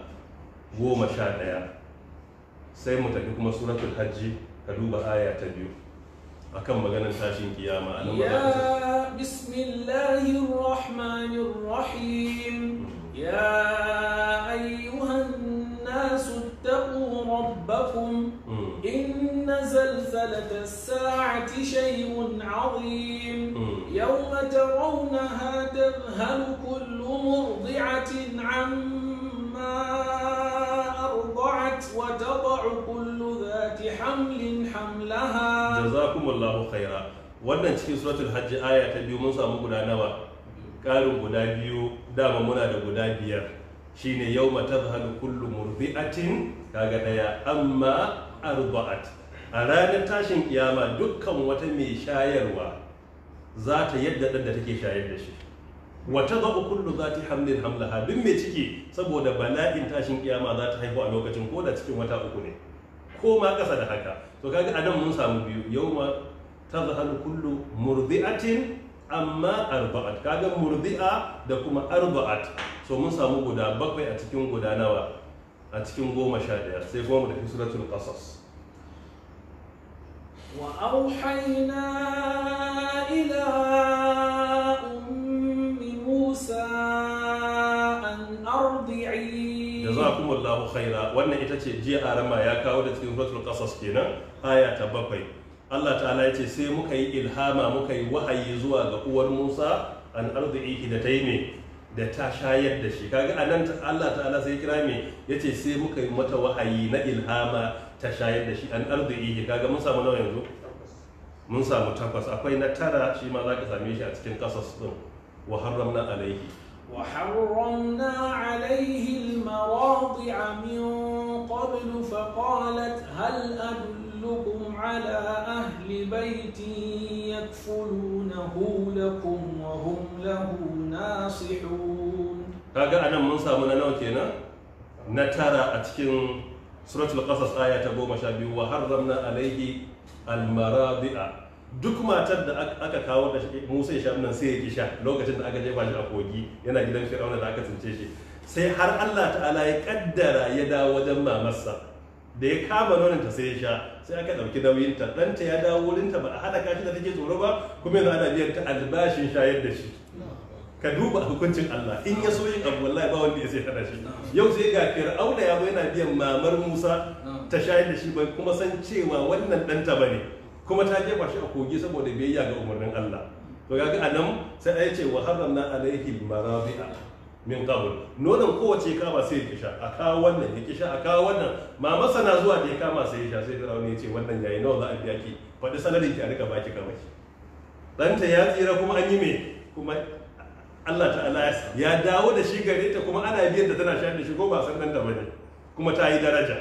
goma sha ɗaya sai mu tafi kuma suratul hajji ka duba aya ta biyu kan maganar tashin kiyama a nan ya bismillahir rahmanir rahim ya ayyuhan nasu taqu rabbakum hmm. إن زلزلة الساعة شيء عظيم يوم ترونها تذهل كل مرضعة عما أرضعت وتضع كل ذات حمل حملها جزاكم الله خيرا wannan cikin suratul hajji aya ta biyu mun samu guda nawa ƙarin guda biyu dama muna da guda biyar shine yau matazhalu kullu murbi'atin kaga daya amma arba'at a ranar tashin kiyama dukkan wata mai shayarwa za ta yadda ɗan da take shayar da shi wata za kullu za ta hamlin hamlaha duk mai ciki saboda bala'in tashin kiyama za ta haihu a lokacin ko da cikin wata uku ne ko ma ƙasa da haka to kaga a nan mun samu biyu yau ma ta zahar kullu murdi'atin amma arba'at kaga murdi'a da kuma arba'at so mun samu guda bakwai a cikin guda nawa a cikin goma sha ɗaya sai goma da fi suratul qasas wa auhayna ila ummi musa an ardi'i jazakumullahu khaira wannan ita ce jiya arama ya kawo da cikin suratul qasas kenan aya ta bakwai Allah ta'ala ya ce sai muka yi ilhama muka yi wahayi zuwa ga uwar Musa an arzihi da ta yi da ta shayar da shi kaga anan Allah ta'ala sai kira me yace sai muka yi mata wa'ayi na ilhama ta shayar da shi an arduihi kaga mun samu nawa yanzu mun samu takwas akwai na tara shi ma zaka same shi a cikin kasas din wa harramna alaihi wa harramna alaihi al-mawadi'a min qablu fa qalat hal أدلكم على أهل بيت يكفلونه لكم وهم له ناصحون kaga anan mun samu na nawa kenan na tara a cikin suratul qasas aya ta goma sha biyu wa harramna alaihi almarabi'a. duk matar da aka kawo da Musa ya sha nan sai ya ki lokacin da aka jefa shi a kogi yana gidan Fir'auna da aka tsince shi sai har Allah ta'ala ya kaddara ya dawo wajen mamarsa da ya kama nonon ta sai ya sha sai aka ɗauki nauyin ta ɗanta ya dawo wurin ta ba a hada kashi da take tsoro ba kuma yanzu ana biyan ta albashin shayar da shi ka duba hukuncin Allah in ya so yin abu wallahi ba wanda ya sai hada shi yau sai ga Fir'auna ya bai yana biyan mamar Musa ta shayar da shi bai kuma san cewa wannan ɗanta bane kuma ta jefa shi a kogi saboda biyayya ga umarnin Allah to ga anan sai ya ce wa haramna alaihi marabi'a min qabl nonon kowace kama sai ya kisha a kawo wannan ya kisha a kawo wannan ma masana zuwa da ya kama sai ya sha sai rauni ya ce wannan yayi nawa za a biya ki faɗi sanarin ki a rika baki kamar ki ɗanta ya tsira kuma an yi me kuma Allah ta'ala ya dawo da shi gare ta kuma ana biyan da tana shafe shi ko ba san nan da bane kuma ta yi daraja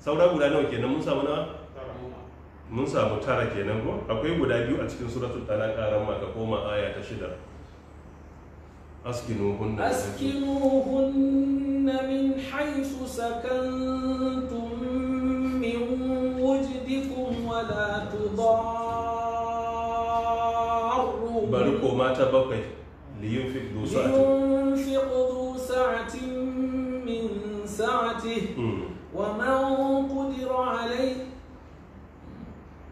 saura guda nawa kenan mun samu nawa mun samu tara kenan ko akwai guda biyu a cikin suratul talaq ran ma ka koma aya ta shida أسكنوهن أسكنوهن من حيث سكنتم من وجدكم ولا تضاروا باركوا ما تبقي لينفق ذو سعة لينفق ذو سعة من سعته ومن قدر عليه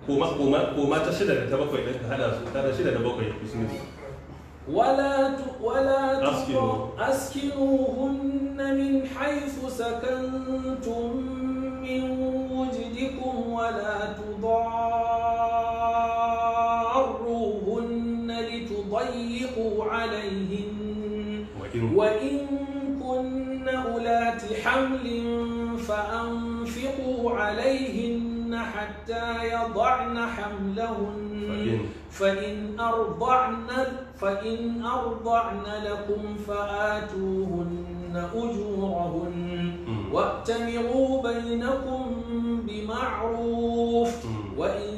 koma koma koma ta shida da ta bakwai ɗin ka hada su ta shida da bakwai bismillah ولا ولا أسكنوهن من حيث سكنتم من وجدكم ولا تضاروهن لتضيقوا عليهن وإن كن أولات حمل فأنفقوا عليهن حتى يضعن حملهن فإن أرضعن فإن أرضعن لكم فآتوهن أجورهن وأتمروا بينكم بمعروف وإن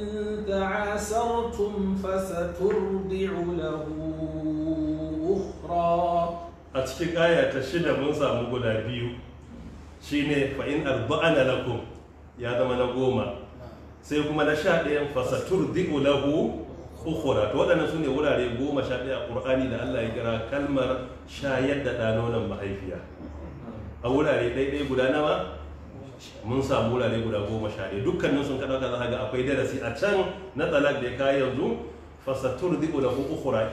تعاسرتم فسترضع له أخرى أتشكي آية تشيد من سامو قولا بيو شيني فإن أرضعن لكم يا ذا من قوما سيكون لشاء فسترضع له ukhra to waɗannan sune wurare goma sha ɗaya a ƙur'ani da Allah ya kira kalmar shayar da ɗanonan mahaifiya a wurare ɗaiɗai guda nawa mun samu wurare guda goma sha ɗaya dukkanin sun za kaza ga akwai darasi a can na talak da ya kawo yanzu fasatur diku da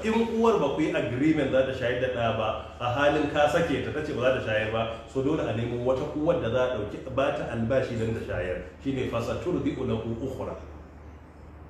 in uwar ba ku yi agreement za ta shayar da ɗaya ba a halin ka sake ta tace ba za ta shayar ba so dole a nemo wata uwar da za a ɗauki ba ta albashi don ta shayar shine fasatur ko da ukhra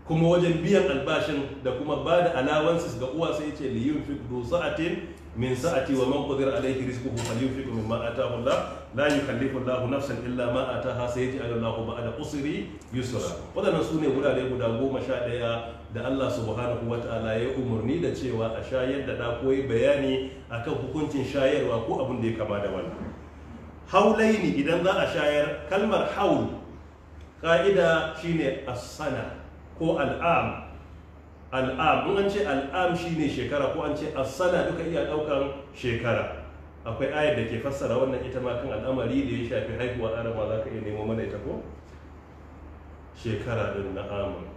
kuma wajen biyan albashin da kuma ba da allowances ga uwa sai ce li yunfiq du sa'atin min sa'ati wa man qadira alayhi rizquhu falyunfiq mimma ataahu Allah la yukallifu Allahu nafsan illa ma ataaha sayaj'alu Allahu ba'da usri yusra wadannan sune wurare guda goma sha ɗaya da Allah subhanahu wa ta'ala ya umurni da cewa a shayar da da koyi bayani kan hukuncin shayarwa ko abin da ya kama da wannan haulaini idan za a shayar kalmar haul ka'ida shine asana. ko al'am al'am in an ce al'am shine shekara ko an ce asana duka iya ɗaukan shekara akwai ayar da ke fassara wannan ita ma kan al'amari da ya shafi haihuwa araba, za ka iya nemo mana ita ko shekara din na amin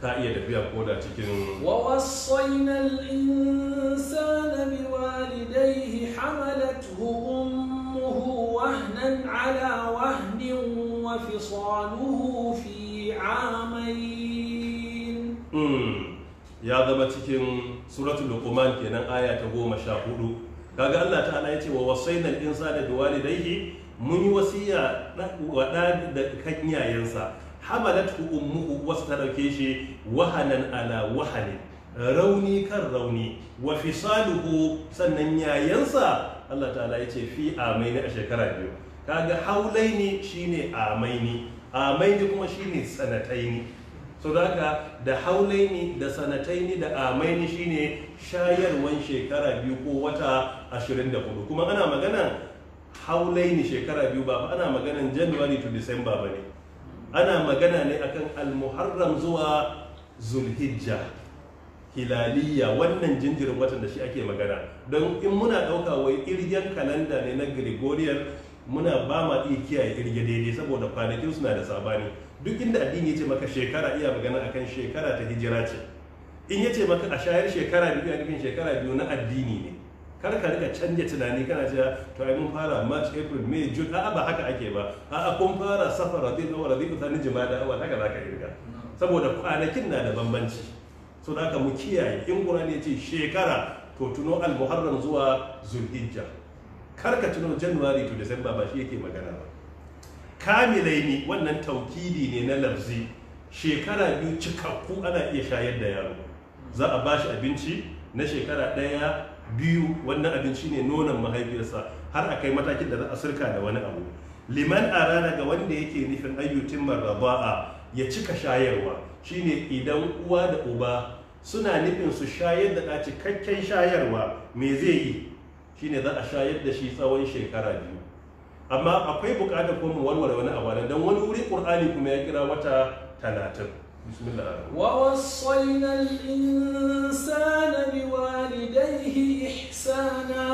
ka iya tafiya ko da cikin wa wasaina al-insana bi walidayhi hamalathu ummuhu wahnan ala wahnin wa fisaluhu fi Hmm. ya zama cikin suratul luqman kenan aya ta goma sha hudu kaga Allah ta'ala ya ce wa wasainal insana bi walidayhi mun yi wasiya wa da kan yayansa hamalatu ummuhu wasu ta dauke shi wahanan ala wahani rauni kan rauni wa fisaluhu sannan yayansa Allah ta'ala ya ce fi amaini a shekara biyu kaga haulaini shine amaini amaini kuma shine sanataini so haka da haulaini da sanataini da amaini shine shayarwan shekara biyu ko wata 24 kuma ana magana haulaini shekara biyu ba ana maganan january to december ba ne ana magana ne akan almuharram zuwa zulhijja hilaliya wannan jinjirin watan da shi ake magana don in muna ɗauka wai irgen kalanda ne na gregorian muna ba ma iya kiyaye irge daidai saboda kwanakin suna da sabani duk inda addini ya ce maka shekara iya magana akan shekara ta hijira ce in ya ce maka a shayar shekara biyu a nufin shekara biyu na addini ne kar ka rika canja tunani kana cewa to ai mun fara march april may june a'a ba haka ake ba a'a kun fara safar rabiul awwal rabiul jima'a da awwal haka zaka irga saboda kwanakin na da bambanci so da haka mu kiyaye in qur'ani ya ce shekara to tuno al-muharram zuwa zulhijjah kar ka tuno january to december ba shi yake magana ba kamilaini wannan taukidi ne na lafzi shekara biyu cikakku ana iya shayar da yaro za a bashi abinci na shekara ɗaya biyu wannan abinci ne nonon mahaifiyarsa har a kai matakin da za a sirka da wani abu liman a rana ga wanda yake nufin ayyutin marraba'a ya cika shayarwa shine idan uwa da uba suna nufin su shayar da ɗa cikakken shayarwa me zai yi Shi ne za a shayar da shi tsawon shekara biyu amma akwai buƙatar kuma mu warware wani abu dan wani wuri qur'ani kuma ya kira wata talatin بسم الله ووصينا الإنسان بوالديه إحسانا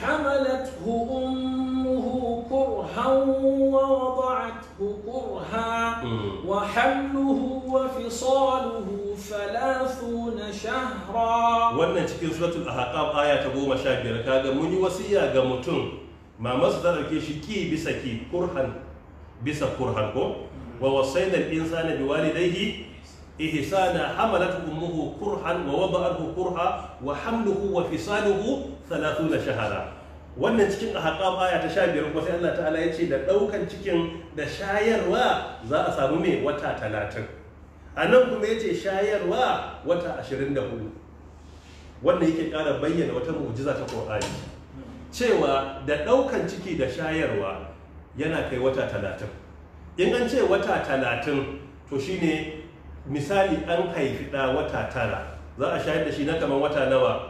حملته أمه كرها ووضعته كرها وحمله وفصاله ثلاثون شهرا wannan cikin suratul ahqaf aya ta goma sha biyar kaga mun yi wasiya ga mutum ma masdar ke shi ki bisa ki kurhan bisa kurhan ko mm. wa wasaina ihsana hamalat ummuhu kurhan wa wada'ahu kurha wa hamluhu wa fisaluhu 30 shahara wannan cikin ahqab aya ta 15 kuma sai Allah ta'ala ya ce da daukan cikin da shayarwa za a samu mai wata 30 anan kuma yace shayarwa wata 24 wannan yake ƙara bayyana wata mu'jiza ta Qur'ani cewa da daukan ciki da shayarwa yana kai wata 30 in an ce wata 30 to shine misali an haifi ɗa wata tara za a shayar da shi na kamar wata nawa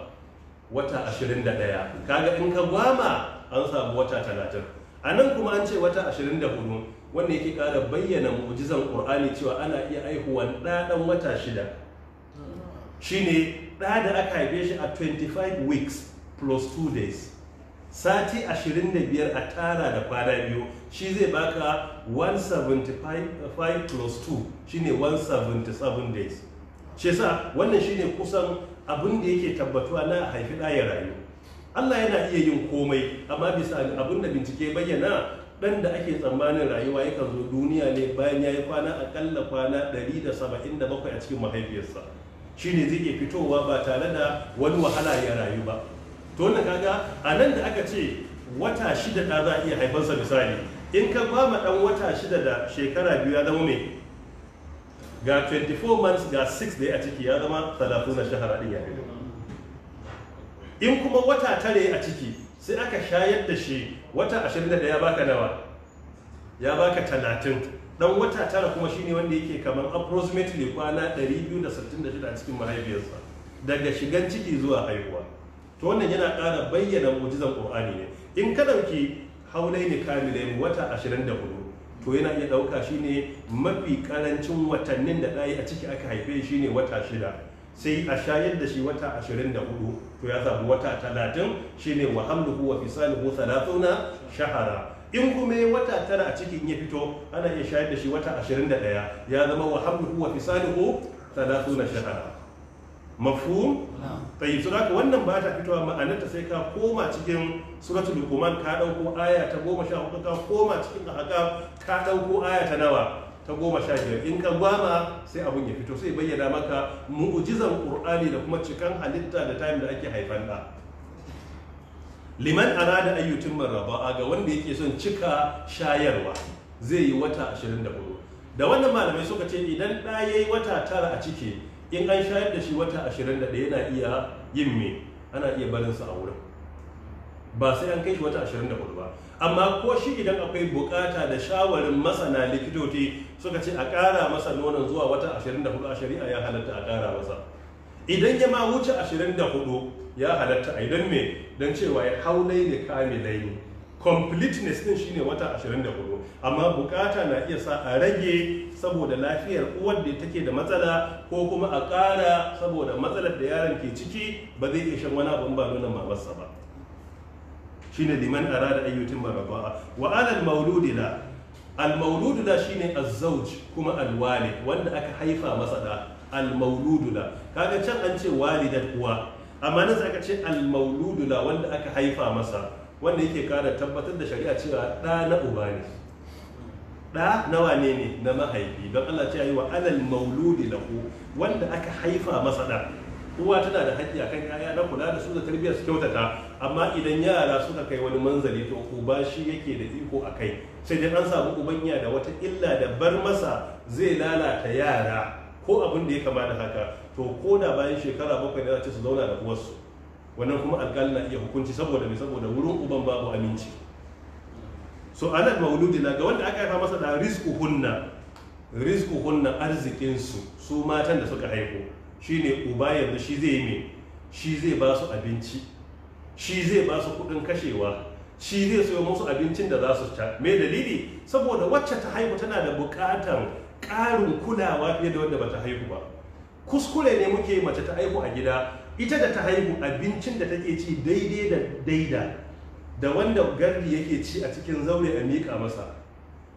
wata ashirin da ɗaya kaga in ka gwama an samu wata talatin a nan kuma an ce wata ashirin da hudu wanda yake ƙara bayyana mu'jizan ƙur'ani cewa ana iya aihuwa ɗaɗan wata shida shine ɗa da aka haife shi a 25 weeks plus 2 days sati 25 a tara da kwana biyu shi zai baka 175 plus 2 shine 177 days shi sa wannan shine kusan abin da yake tabbatuwa na haifi ɗaya rayu Allah yana iya yin komai amma bisa abin da bincike bayyana ɗan da ake tsammanin rayuwa yakan zo duniya ne bayan ya yi kwana akalla kwana 177 a cikin mahaifiyarsa shine zai iya fitowa ba tare da wani wahala ya rayu ba to wannan kaga a nan da aka ce wata shida da za a iya haifansa misali in ka ba ma dan wata shida da shekara biyu ya zama mai ga 24 months ga 6 da ya ciki ya zama 30 shahara din ya fito in kuma wata tare a ciki sai aka shayar da shi wata 21 ya baka nawa ya baka 30 dan wata tara kuma shine wanda yake kamar approximately kwana 266 a cikin mahaifiyarsa daga shigan ciki zuwa haihuwa to wannan yana ƙara bayyana mu'jizan qur'ani ne in ka ɗauki, haulai ne kamilain wata 24 to yana iya ɗauka shine mafi ƙarancin watannin da ɗaya a ciki aka haife shi ne wata shida sai a shayar da shi wata ashirin da hudu to ya samu wata talatin ne wa hamluhu wa fisaluhu thalathuna shahara in kuma ya wata tara a cikin ya fito ana iya shayar da shi wata ashirin da ɗaya ya zama wa hamluhu wa fisaluhu na shahara mafhum tayyib so haka wannan ba ta fitowa ta sai ka koma cikin suratul luqman ka dauko aya ta 14 ka koma cikin haka ka dauko aya ta nawa ta goma in ka gwama sai abun ya fito sai bayyana maka mu'ujizan qur'ani da kuma cikan halitta da time da ake haifan da liman arada ayyutin marraba ga wanda yake son cika shayarwa zai yi wata 24 da wannan malamai suka ce idan ɗa yayi wata tara a ciki in an shayar da shi wata 21 yana iya yin me ana iya barinsa a wurin ba sai an kai shi wata 24 ba amma ko shi idan akwai bukata da shawarin masana likitoci suka ce a kara masa nonon zuwa wata 24 a shari'a ya halatta a kara masa idan ya ma wuce 24 ya halatta a idan me don cewa ya haulai da kamilai ne completeness din shine wata 24 amma bukata na iya sa a rage saboda lafiyar uwar da take da matsala ko kuma a ƙara saboda matsalar da yaron ke ciki ba zai iya shan wani abin ba nuna mamarsa ba shine liman arada ayyutin maraba'a wa alal mauludi la al mauludu la shine azzauj kuma al wali wanda aka haifa masa da al mauludu la kaga can an ce walidat uwa amma nan sai aka ce al mauludu la wanda aka haifa masa wanda yake kara tabbatar da shari'a cewa ɗa na uba ne ɗa na wane ne na mahaifi don Allah ce yi wa alal mauludi lahu wanda aka haifa masa ɗa uwa tana da haƙƙi akan yaya na kula da su da tarbiyyar su kyautata amma idan yara suka kai wani manzali to uba shi yake da iko a kai sai dai an samu ubanya da wata illa da bar masa zai lalata yara ko abin da ya kama da haka to ko da bayan shekara bakwai ne za su zauna da uwarsu wannan kuma alƙali na iya hukunci saboda mai saboda wurin uban babu aminci so alal mauludi na ga wanda aka haifa masa da risku hunna rizku hunna arzikinsu su matan da suka haihu shine uba yanzu shi zai yi shi zai ba su abinci shi zai ba su kuɗin kashewa shi zai sayo musu abincin da za su ca me dalili saboda wacce ta haihu tana da buƙatan ƙarin kulawa fiye da wanda bata haihu ba kuskure ne muke mace ta haihu a gida ita da ta haihu abincin da take ci daidai da daida da wanda gardi yake ci a cikin zaure a miƙa masa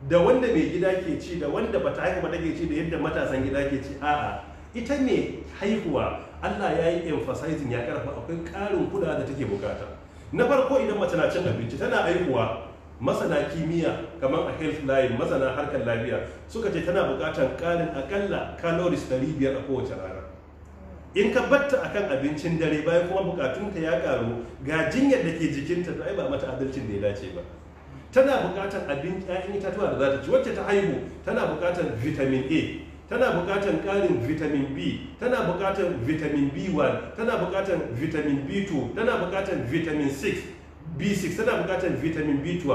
da wanda mai gida ke ci da wanda bata haihu ba take ci da yadda matasan gida ke ci a'a ita ne haihuwa Allah ya yi emphasizing ya karfa akwai ƙarin kuɗa da take bukata na farko idan mace na cin abinci tana haihuwa masana kimiyya kamar a health line masana harkar lafiya suka ce tana bukatar ƙarin akalla calories 500 a kowace rana in ka batta akan abincin dare bayan kuma bukatunta ya karu ga jinyar da ke jikinta ta ai ba mata adalcin da ya dace ba tana bukatar abin yayan itatuwa da za ta ci wacce ta haihu tana bukatar vitamin A tana bukatar karin vitamin B tana bukatar vitamin B1 tana bukatar vitamin B2 tana bukatar vitamin 6 B6 tana bukatar vitamin B12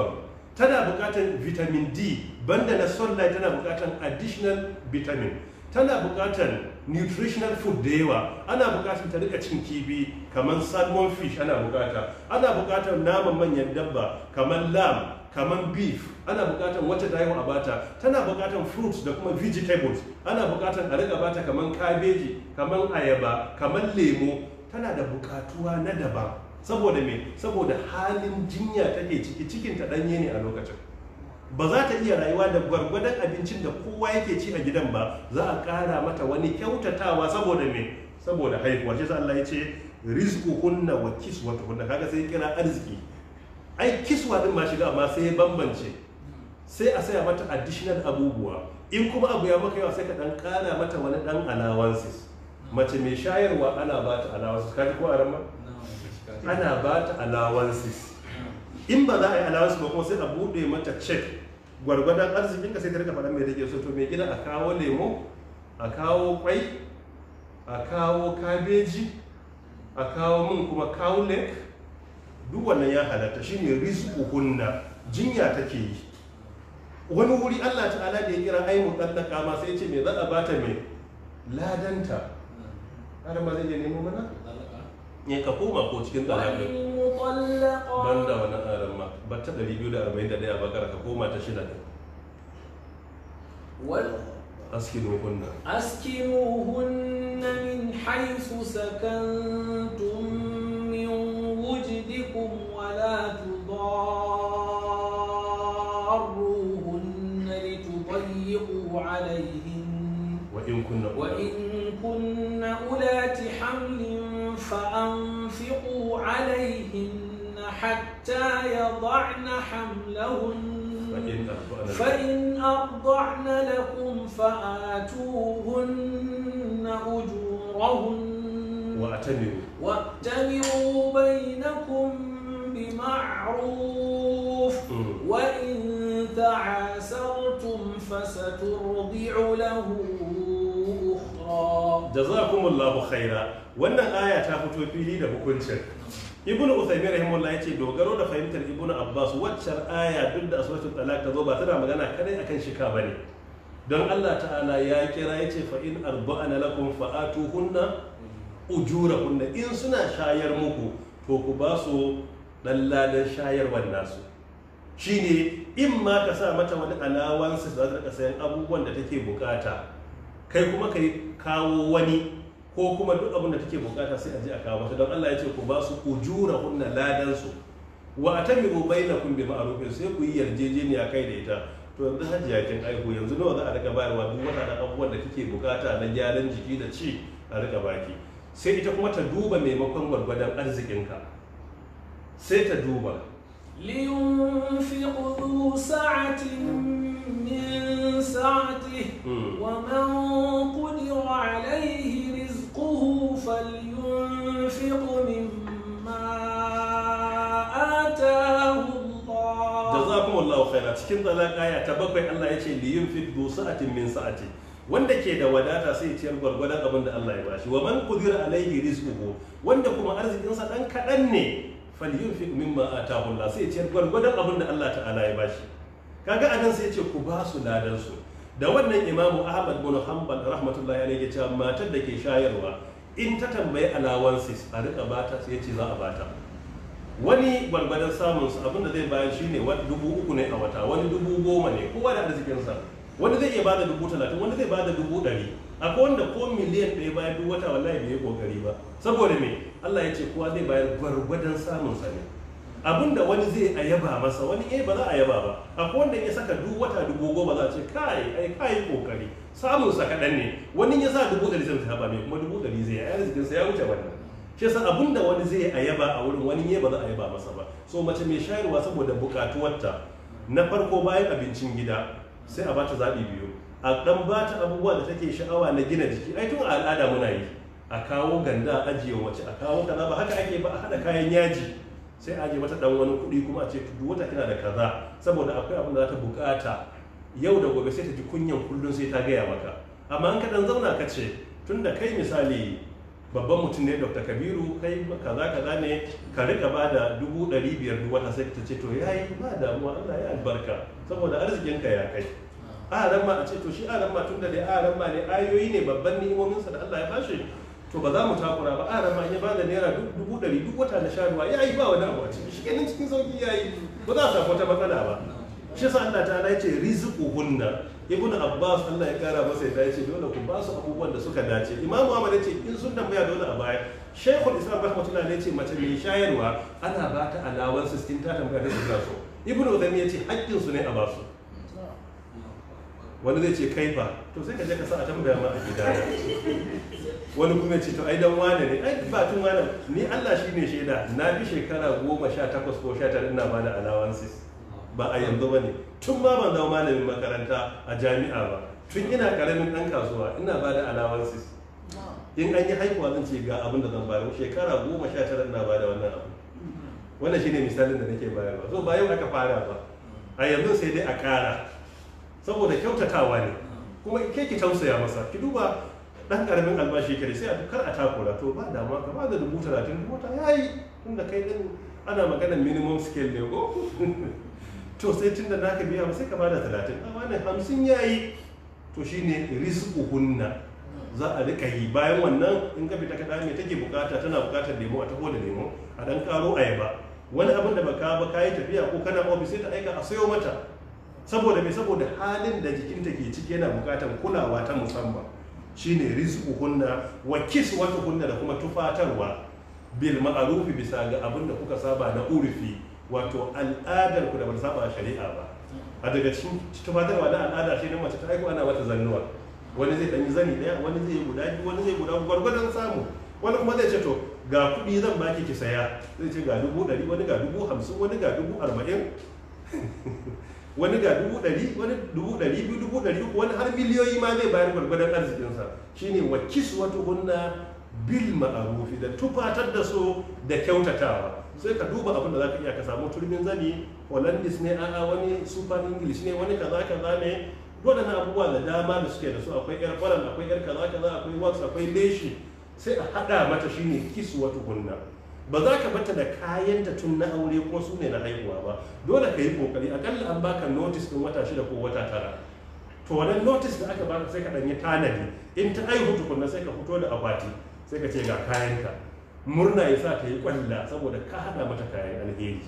tana bukatar vitamin D banda na sunlight tana bukatar additional vitamin tana bukatar nutritional food da yawa ana bukatar ta rika cin kifi kamar salmon fish ana bukata ana bukatar naman manyan dabba kamar lamb kamar beef ana bukatar wacce ta a bata tana bukatar fruits da kuma vegetables ana bukatar a rika bata kamar kabeji kamar ayaba kamar lemo tana da bukatuwa na daban saboda me saboda halin jinya take ciki cikin ta danye ne a lokacin ba za ta iya rayuwa da gwargwadon abincin da kowa yake ci a gidan ba za a ƙara mata wani kyautatawa saboda me saboda haihuwa shi Allah ya ce rizquhunna wa kiswatuhunna kaga sai kira arziki ai kiswa din ba shiga amma sai ya bambance sai a saya mata additional abubuwa in kuma abu ya maka yawa sai ka dan ƙara mata wani dan allowances mace mai shayarwa ana ba ta allowances kaji ko arama ana ba ta allowances in ba za a yi allowances ba kuma sai a buɗe mata check gwargwadon arzikinka sai ta rika faɗan mai take so to mai gina a kawo lemo a kawo kwai a kawo kabeji a kawo mun kuma lek duk wannan ya halatta shine rizquhunna jinya take yi wani wuri Allah ta'ala da ya kira ai mutaddaka ma sai ce me za a bata mai ladanta har ma zai yi nemo mana ne ka koma ko cikin ban da wani aran ma ba ta ba bakara ka koma ta shida ne askinuhunna askinuhunna min haisu sakantun حتى يضعن حملهن فإن أرضعن لكم فآتوهن أجورهن وأتمروا وأتمروا بينكم بمعروف وإن تعاسرتم فسترضع له أخرى جزاكم الله خيرا وأن الآية تاخذ في ليلة بكل شيء ibn usaimi rahimahullah yace dogaro da fahimtar ibn abbas waccar aya duk da asuratu talaq ta zo ba tana magana kadai akan shika bane don Allah ta'ala ya kira yace fa in arba'ana lakum atuhunna ujurahunna in suna shayar muku to ku ba su dan shayarwar nasu shine in ma ka sa mata wani alawansu za ta sayan abubuwan da take bukata kai kuma kai kawo wani ko kuma duk abin da take bukata sai a je a kawo mata don Allah ya ce ku ba su ujura hunna ladan su wa atamiru bainakum bi ma'ruf sai ku yi yarjejeniya kai da ita to yanzu ya kin aiko yanzu nawa za a rika bayarwa duk wata da abubuwan da kike bukata na gyaran jiki da ci a rika baki sai ita kuma ta duba maimakon gwargwadon arzikinka sai ta duba liyunfiq du sa'atin min sa'atihi hmm. wa man qudira فلينفق مما آتاه الله جزاكم الله خيرا cikin dalan aya ta bakwai Allah ya ce li yunfiq du sa'atin min sa'ati wanda ke da wadata sai ya ciyar gwargwadon abin da Allah ya bashi wa man qudira alaihi rizquhu wanda kuma arzikinsa dan kadan ne fal falyunfiq mimma atahu Allah sai ya ciyar gwargwadon abin da Allah ta'ala ya bashi kaga anan sai ya ce ku ba su ladan su da wannan imamu ahmad bin hanbal rahmatullahi alaihi ya ce matar da ke shayarwa in ta tambayi allowances a rika bata sai ce za a bata wani gwargwadon samun su abinda zai bayan shi ne wani dubu uku ne a wata wani dubu goma ne kowa da sa wani zai iya bada dubu talatin wani zai bada dubu ɗari akwai wanda ko miliyan ɗaya bayan duk wata wallahi bai yi kokari ba saboda me Allah ya ce kowa zai bayar gwargwadon samun sa ne abinda wani zai ayaba masa wani eh ba za a yaba ba akwai wanda ya saka duk wata dubu goma za a ce kai ai kai kokari samun sa kaɗan ne wani ya sa dubu ɗari zai ba mai kuma dubu ɗari zai yi arzikin sa ya wuce wani shi yasa abin da wani zai yaba a wurin wani ya ba za a yaba masa ba so mace mai shayarwa saboda buƙatuwarta na farko bayan abincin gida sai a bata zaɓi biyu a ɗan bata abubuwa da take sha'awa na gina jiki ai tun a al'ada muna yi a kawo ganda a ajiye wace a kawo kaza ba haka ake ba a haɗa kayan yaji sai a ajiye mata ɗan wani kuɗi kuma a ce duk wata kina da kaza saboda akwai abin da za ta buƙata yau da gobe sai ta ji kunyan kullum sai ta gaya maka amma an kaɗan zauna ka ce tun da kai misali babban mutum ne dr kabiru kai kaza kaza ne ka rika ba da dubu ɗari biyar duk wata sai ta ce to ya yi ba damuwa allah ya albarka saboda arzikinka ya kai aran ma a ce to shi aran ma tun da dai aran ma ne ayoyi ne babban ni'imominsa da allah ya bashi to ba za mu takura ba aran ma ya ba da naira dubu ɗari duk wata na sha ruwa ya yi ba wani abu a cikin shi kenan cikin sauki ya yi ba za a samu wata matsala ba shi sa Allah ta dace rizqu hunna ibnu abbas Allah ya kara masa ya dace dole ku ba su abubuwan da suka dace imam muhammad ce in sun tambaya dole a baya shaykhul islam rahmatullah ne yace mace mai shayarwa ana ba ta alawan su cikin ta tambaya da suka so ibnu uthaymin yace haƙƙin su ne a ba su wani zai ce kaifa to sai ka je ka sa a tambaya ma a gida wani kuma ce to ai dan wane ne ai ba tun wane ni Allah shine shaida na bi shekara goma sha takwas ko sha tara ina bada ba a yanzu ba ne tun ma ban zama malamin makaranta a jami'a ba tun ina karamin ɗan kasuwa ina ba da allowances in an yi haihuwa zan ce ga abin da zan bayar shekara goma sha tara ina ba da wannan abu wannan shine misalin da nake bayarwa so ba yau aka fara ba a yanzu sai dai a kara saboda kyautatawa ne kuma ke ki tausaya masa ki duba ɗan karamin albashi kare sai a kar a takura to ba dama ka ba da dubu talatin dubu ta yayi tunda kai din ana maganar minimum scale ne ko to sai tun da naka biya ba sai ka bada talatin a wannan hamsin ya yi to shine rizku hunna za a rika yi bayan wannan in ka fita kaɗa mai take bukata tana bukatar lemo a taho da lemo a ɗan karo ayaba wani abin da baka ba kayi tafiya ko kana ofis sai ta aika a sayo mata saboda me saboda halin da jikin jikinta ke ciki yana bukatar kulawa ta musamman shine rizku hunna wa kiswatu hunna da kuma tufatarwa bil ma'arufi bisa ga abin da kuka saba na urufi wato al'adar ku da ba saba shari'a ba a daga cikin wa na al'ada shi ne mace ta aiko ana wata zannuwa wani zai ɗanyi zani ɗaya wani zai yi guda biyu wani zai guda gwargwadon samu wani kuma zai ce to ga kuɗi zan baki ki saya zai ce ga dubu ɗari wani ga dubu hamsin wani ga dubu arba'in wani ga dubu ɗari wani dubu ɗari biyu dubu ɗari uku wani har miliyoyi ma zai bayar gwargwadon arzikinsa shine wa kiswatu hunna bil ma'arufi da tufatar da su da kyautatawa sai ka duba abin da za ka iya ka samu turmin zani Holandis ne a wani super english ne wani kaza kaza ne na abubuwa da dama da suke da su akwai yar kwalan akwai yar kaza kaza akwai wax akwai leshi sai a haɗa mata shine kiswa tukunna ba za ka bata da kayanta tun na aure ko su ne na haihuwa ba dole ka yi kokari akalla an baka notice din wata shida ko wata tara to wannan notice da aka baka sai ka danyi tanadi in ta haihu tukunna sai ka fito da akwati sai ka ce ga kayanka murna ya sa ta yi kwalla saboda ka hada mata kayan alheri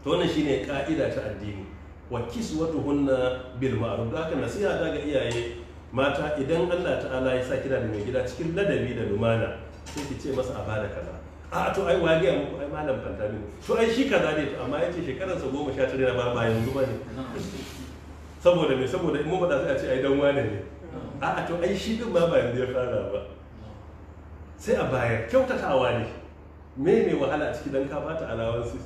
to wannan shine ka'ida ta addini wa hunna bil ma'ruf da haka nasiha ta ga iyaye mata idan Allah ta'ala ya sa kina da mai gida cikin ladabi da lumana sai ki ce masa a bada kaza a to ai wa ga muku ai malam fanta ne to ai shi kaza ne to amma yace shekarar sa 19 na bar bayan zuwa ne saboda me saboda in mun da sai a ce ai dan wane ne a to ai shi din ma ba yanzu ya fara ba sai a bayar kyautatawa ne me mai wahala ciki dan ka bata alawansu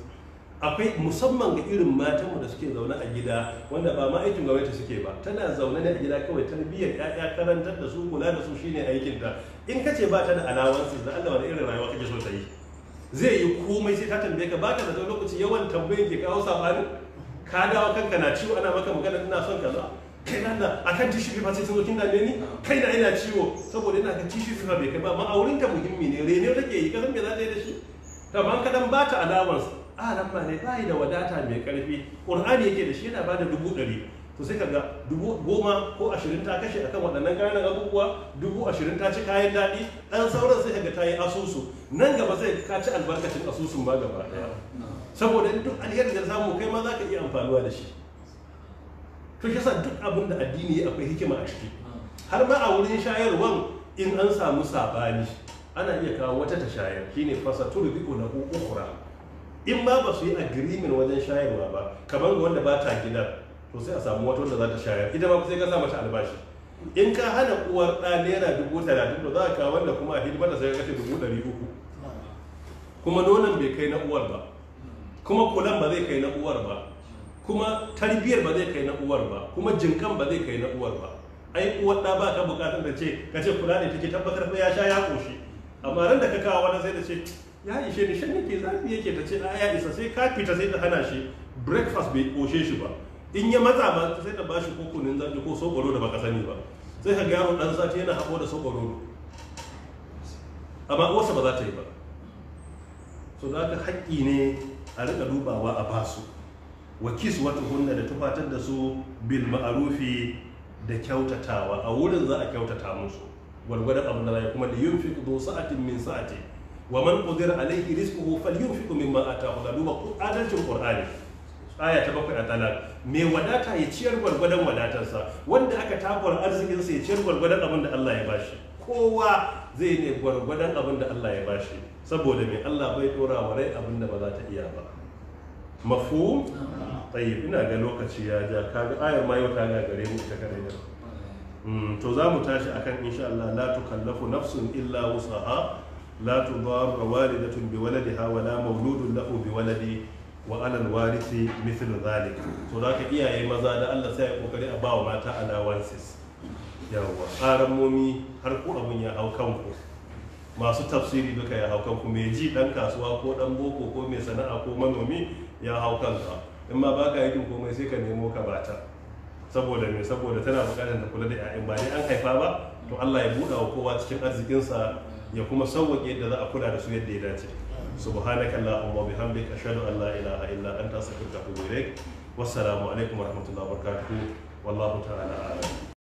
akwai musamman ga irin matanmu da suke zaune a gida wanda ba ma'aikin aikin gwamnati suke ba tana zaune ne a gida kawai tarbiyyar ya'ya karantar da su kula da su shine aikinta. In in kace ba ta da alawansu da Allah wani irin rayuwa kake so ta yi zai yi komai sai ta tambaye ka baka da lokaci yawan tambayin ke kawo sabanin ka dawo kanka na ciwo ana maka magana ina son kaza kai nan a kan tishi fifa sai sazo kin ni kai na yana ciwo saboda yana kan tishi fifa bai kai ba amma auren ta muhimmi ne rene take yi kasan me za ta yi da shi to ban kadan ba ta allowance a nan ba ne bai da wadata mai karfi qur'ani yake da shi yana bada dubu ɗari to sai kaga dubu goma ko ashirin ta kashe akan waɗannan kayan abubuwa dubu ashirin ta ci kayan daɗi ɗan sauran sai kaga ta yi asusu nan gaba zai ka ci albarkacin asusun ba gaba ɗaya saboda duk alherin da samu kai ma za ka iya amfanuwa da shi to shi sa duk abin da addini ya akwai hikima a ciki har ma a wurin shayarwan in an samu sabani ana iya kawo wata ta shayar shine fasa turbiku na ukura in ma ba su yi agreement wajen shayarwa ba kamar ga wanda ba ta gida to sai a samu wata wanda za ta shayar ita ma sai ka sa mata albashi in ka hana uwar ɗa naira dubu talatin to za ka kawo wanda kuma a hidima da sai ka dubu ɗari uku kuma nonon bai kai na uwar ba kuma kulan ba zai kai na uwar ba kuma tarbiyyar ba zai kai na uwar ba kuma jinkan ba zai kai na uwar ba ai uwar da ba ka bukatar da ce ka ce kula ne take tabbatar da ya sha ya koshi amma ran da ka kawo wani sai da ce ya ishe ni shan yake zafi yake ta ce a ya isa sai ka fita sai ta hana shi breakfast bai koshe shi ba in ya matsa ba sai ta bashi ko kunin zafi ko sokoro da baka sani ba sai ka gyaro dan sati yana hako da sokoro amma uwarsa ba za ta yi ba so za ka haƙƙi ne a rika dubawa a basu wa kiswatuhunna da tufatar da su bil ma'arufi da kyautatawa a wurin za a kyautata musu gwargwadon abin da kuma da yunfiq du sa'atin min sa'ati wa man qadira alayhi rizquhu falyunfiq mimma ataahu da duba adalcin qur'ani aya ta bakwai a talak Me wadata ya ciyar gwargwadon wadatarsa wanda aka takwar arzikinsa ya ciyar gwargwadon abin da Allah ya bashi kowa zai ne gwargwadon abin da Allah ya bashi saboda me Allah bai dora wa rai abin da ba za ta iya ba mafu ah. tsaye ina ga lokaci ya ja kaga ayar mayo ta ta gare mu ta kare da to za mu tashi akan insha Allah la tukallafu nafsun illa wusaha la tudarra walidatun bi waladiha wa la mawludun lahu bi waladi wa ala warisi mithlu zalik to za ka iyaye maza da Allah sai ya kokari a ba wa mata allowances yawa tsaran momi har ko abun ya hau kanku masu tafsiri duka ya hau kanku mai ji dan kasuwa ko dan boko ko mai sana'a ko manomi ya hau kanka in ma ba ka yakin komai sai ka nemo ka bata saboda me saboda tana bukatar ta kula da 'ya'yan ba dai an haifa ba to Allah ya buɗa wa kowa cikin arzikinsa ya kuma sauwaƙe yadda za a kula da su yadda ya dace subhanaka allahumma bihamdika ashhadu an la ilaha illa anta astaghfiruka wa atubu ilaik wassalamu alaikum warahmatullahi wabarakatuh wallahu ta'ala a'lam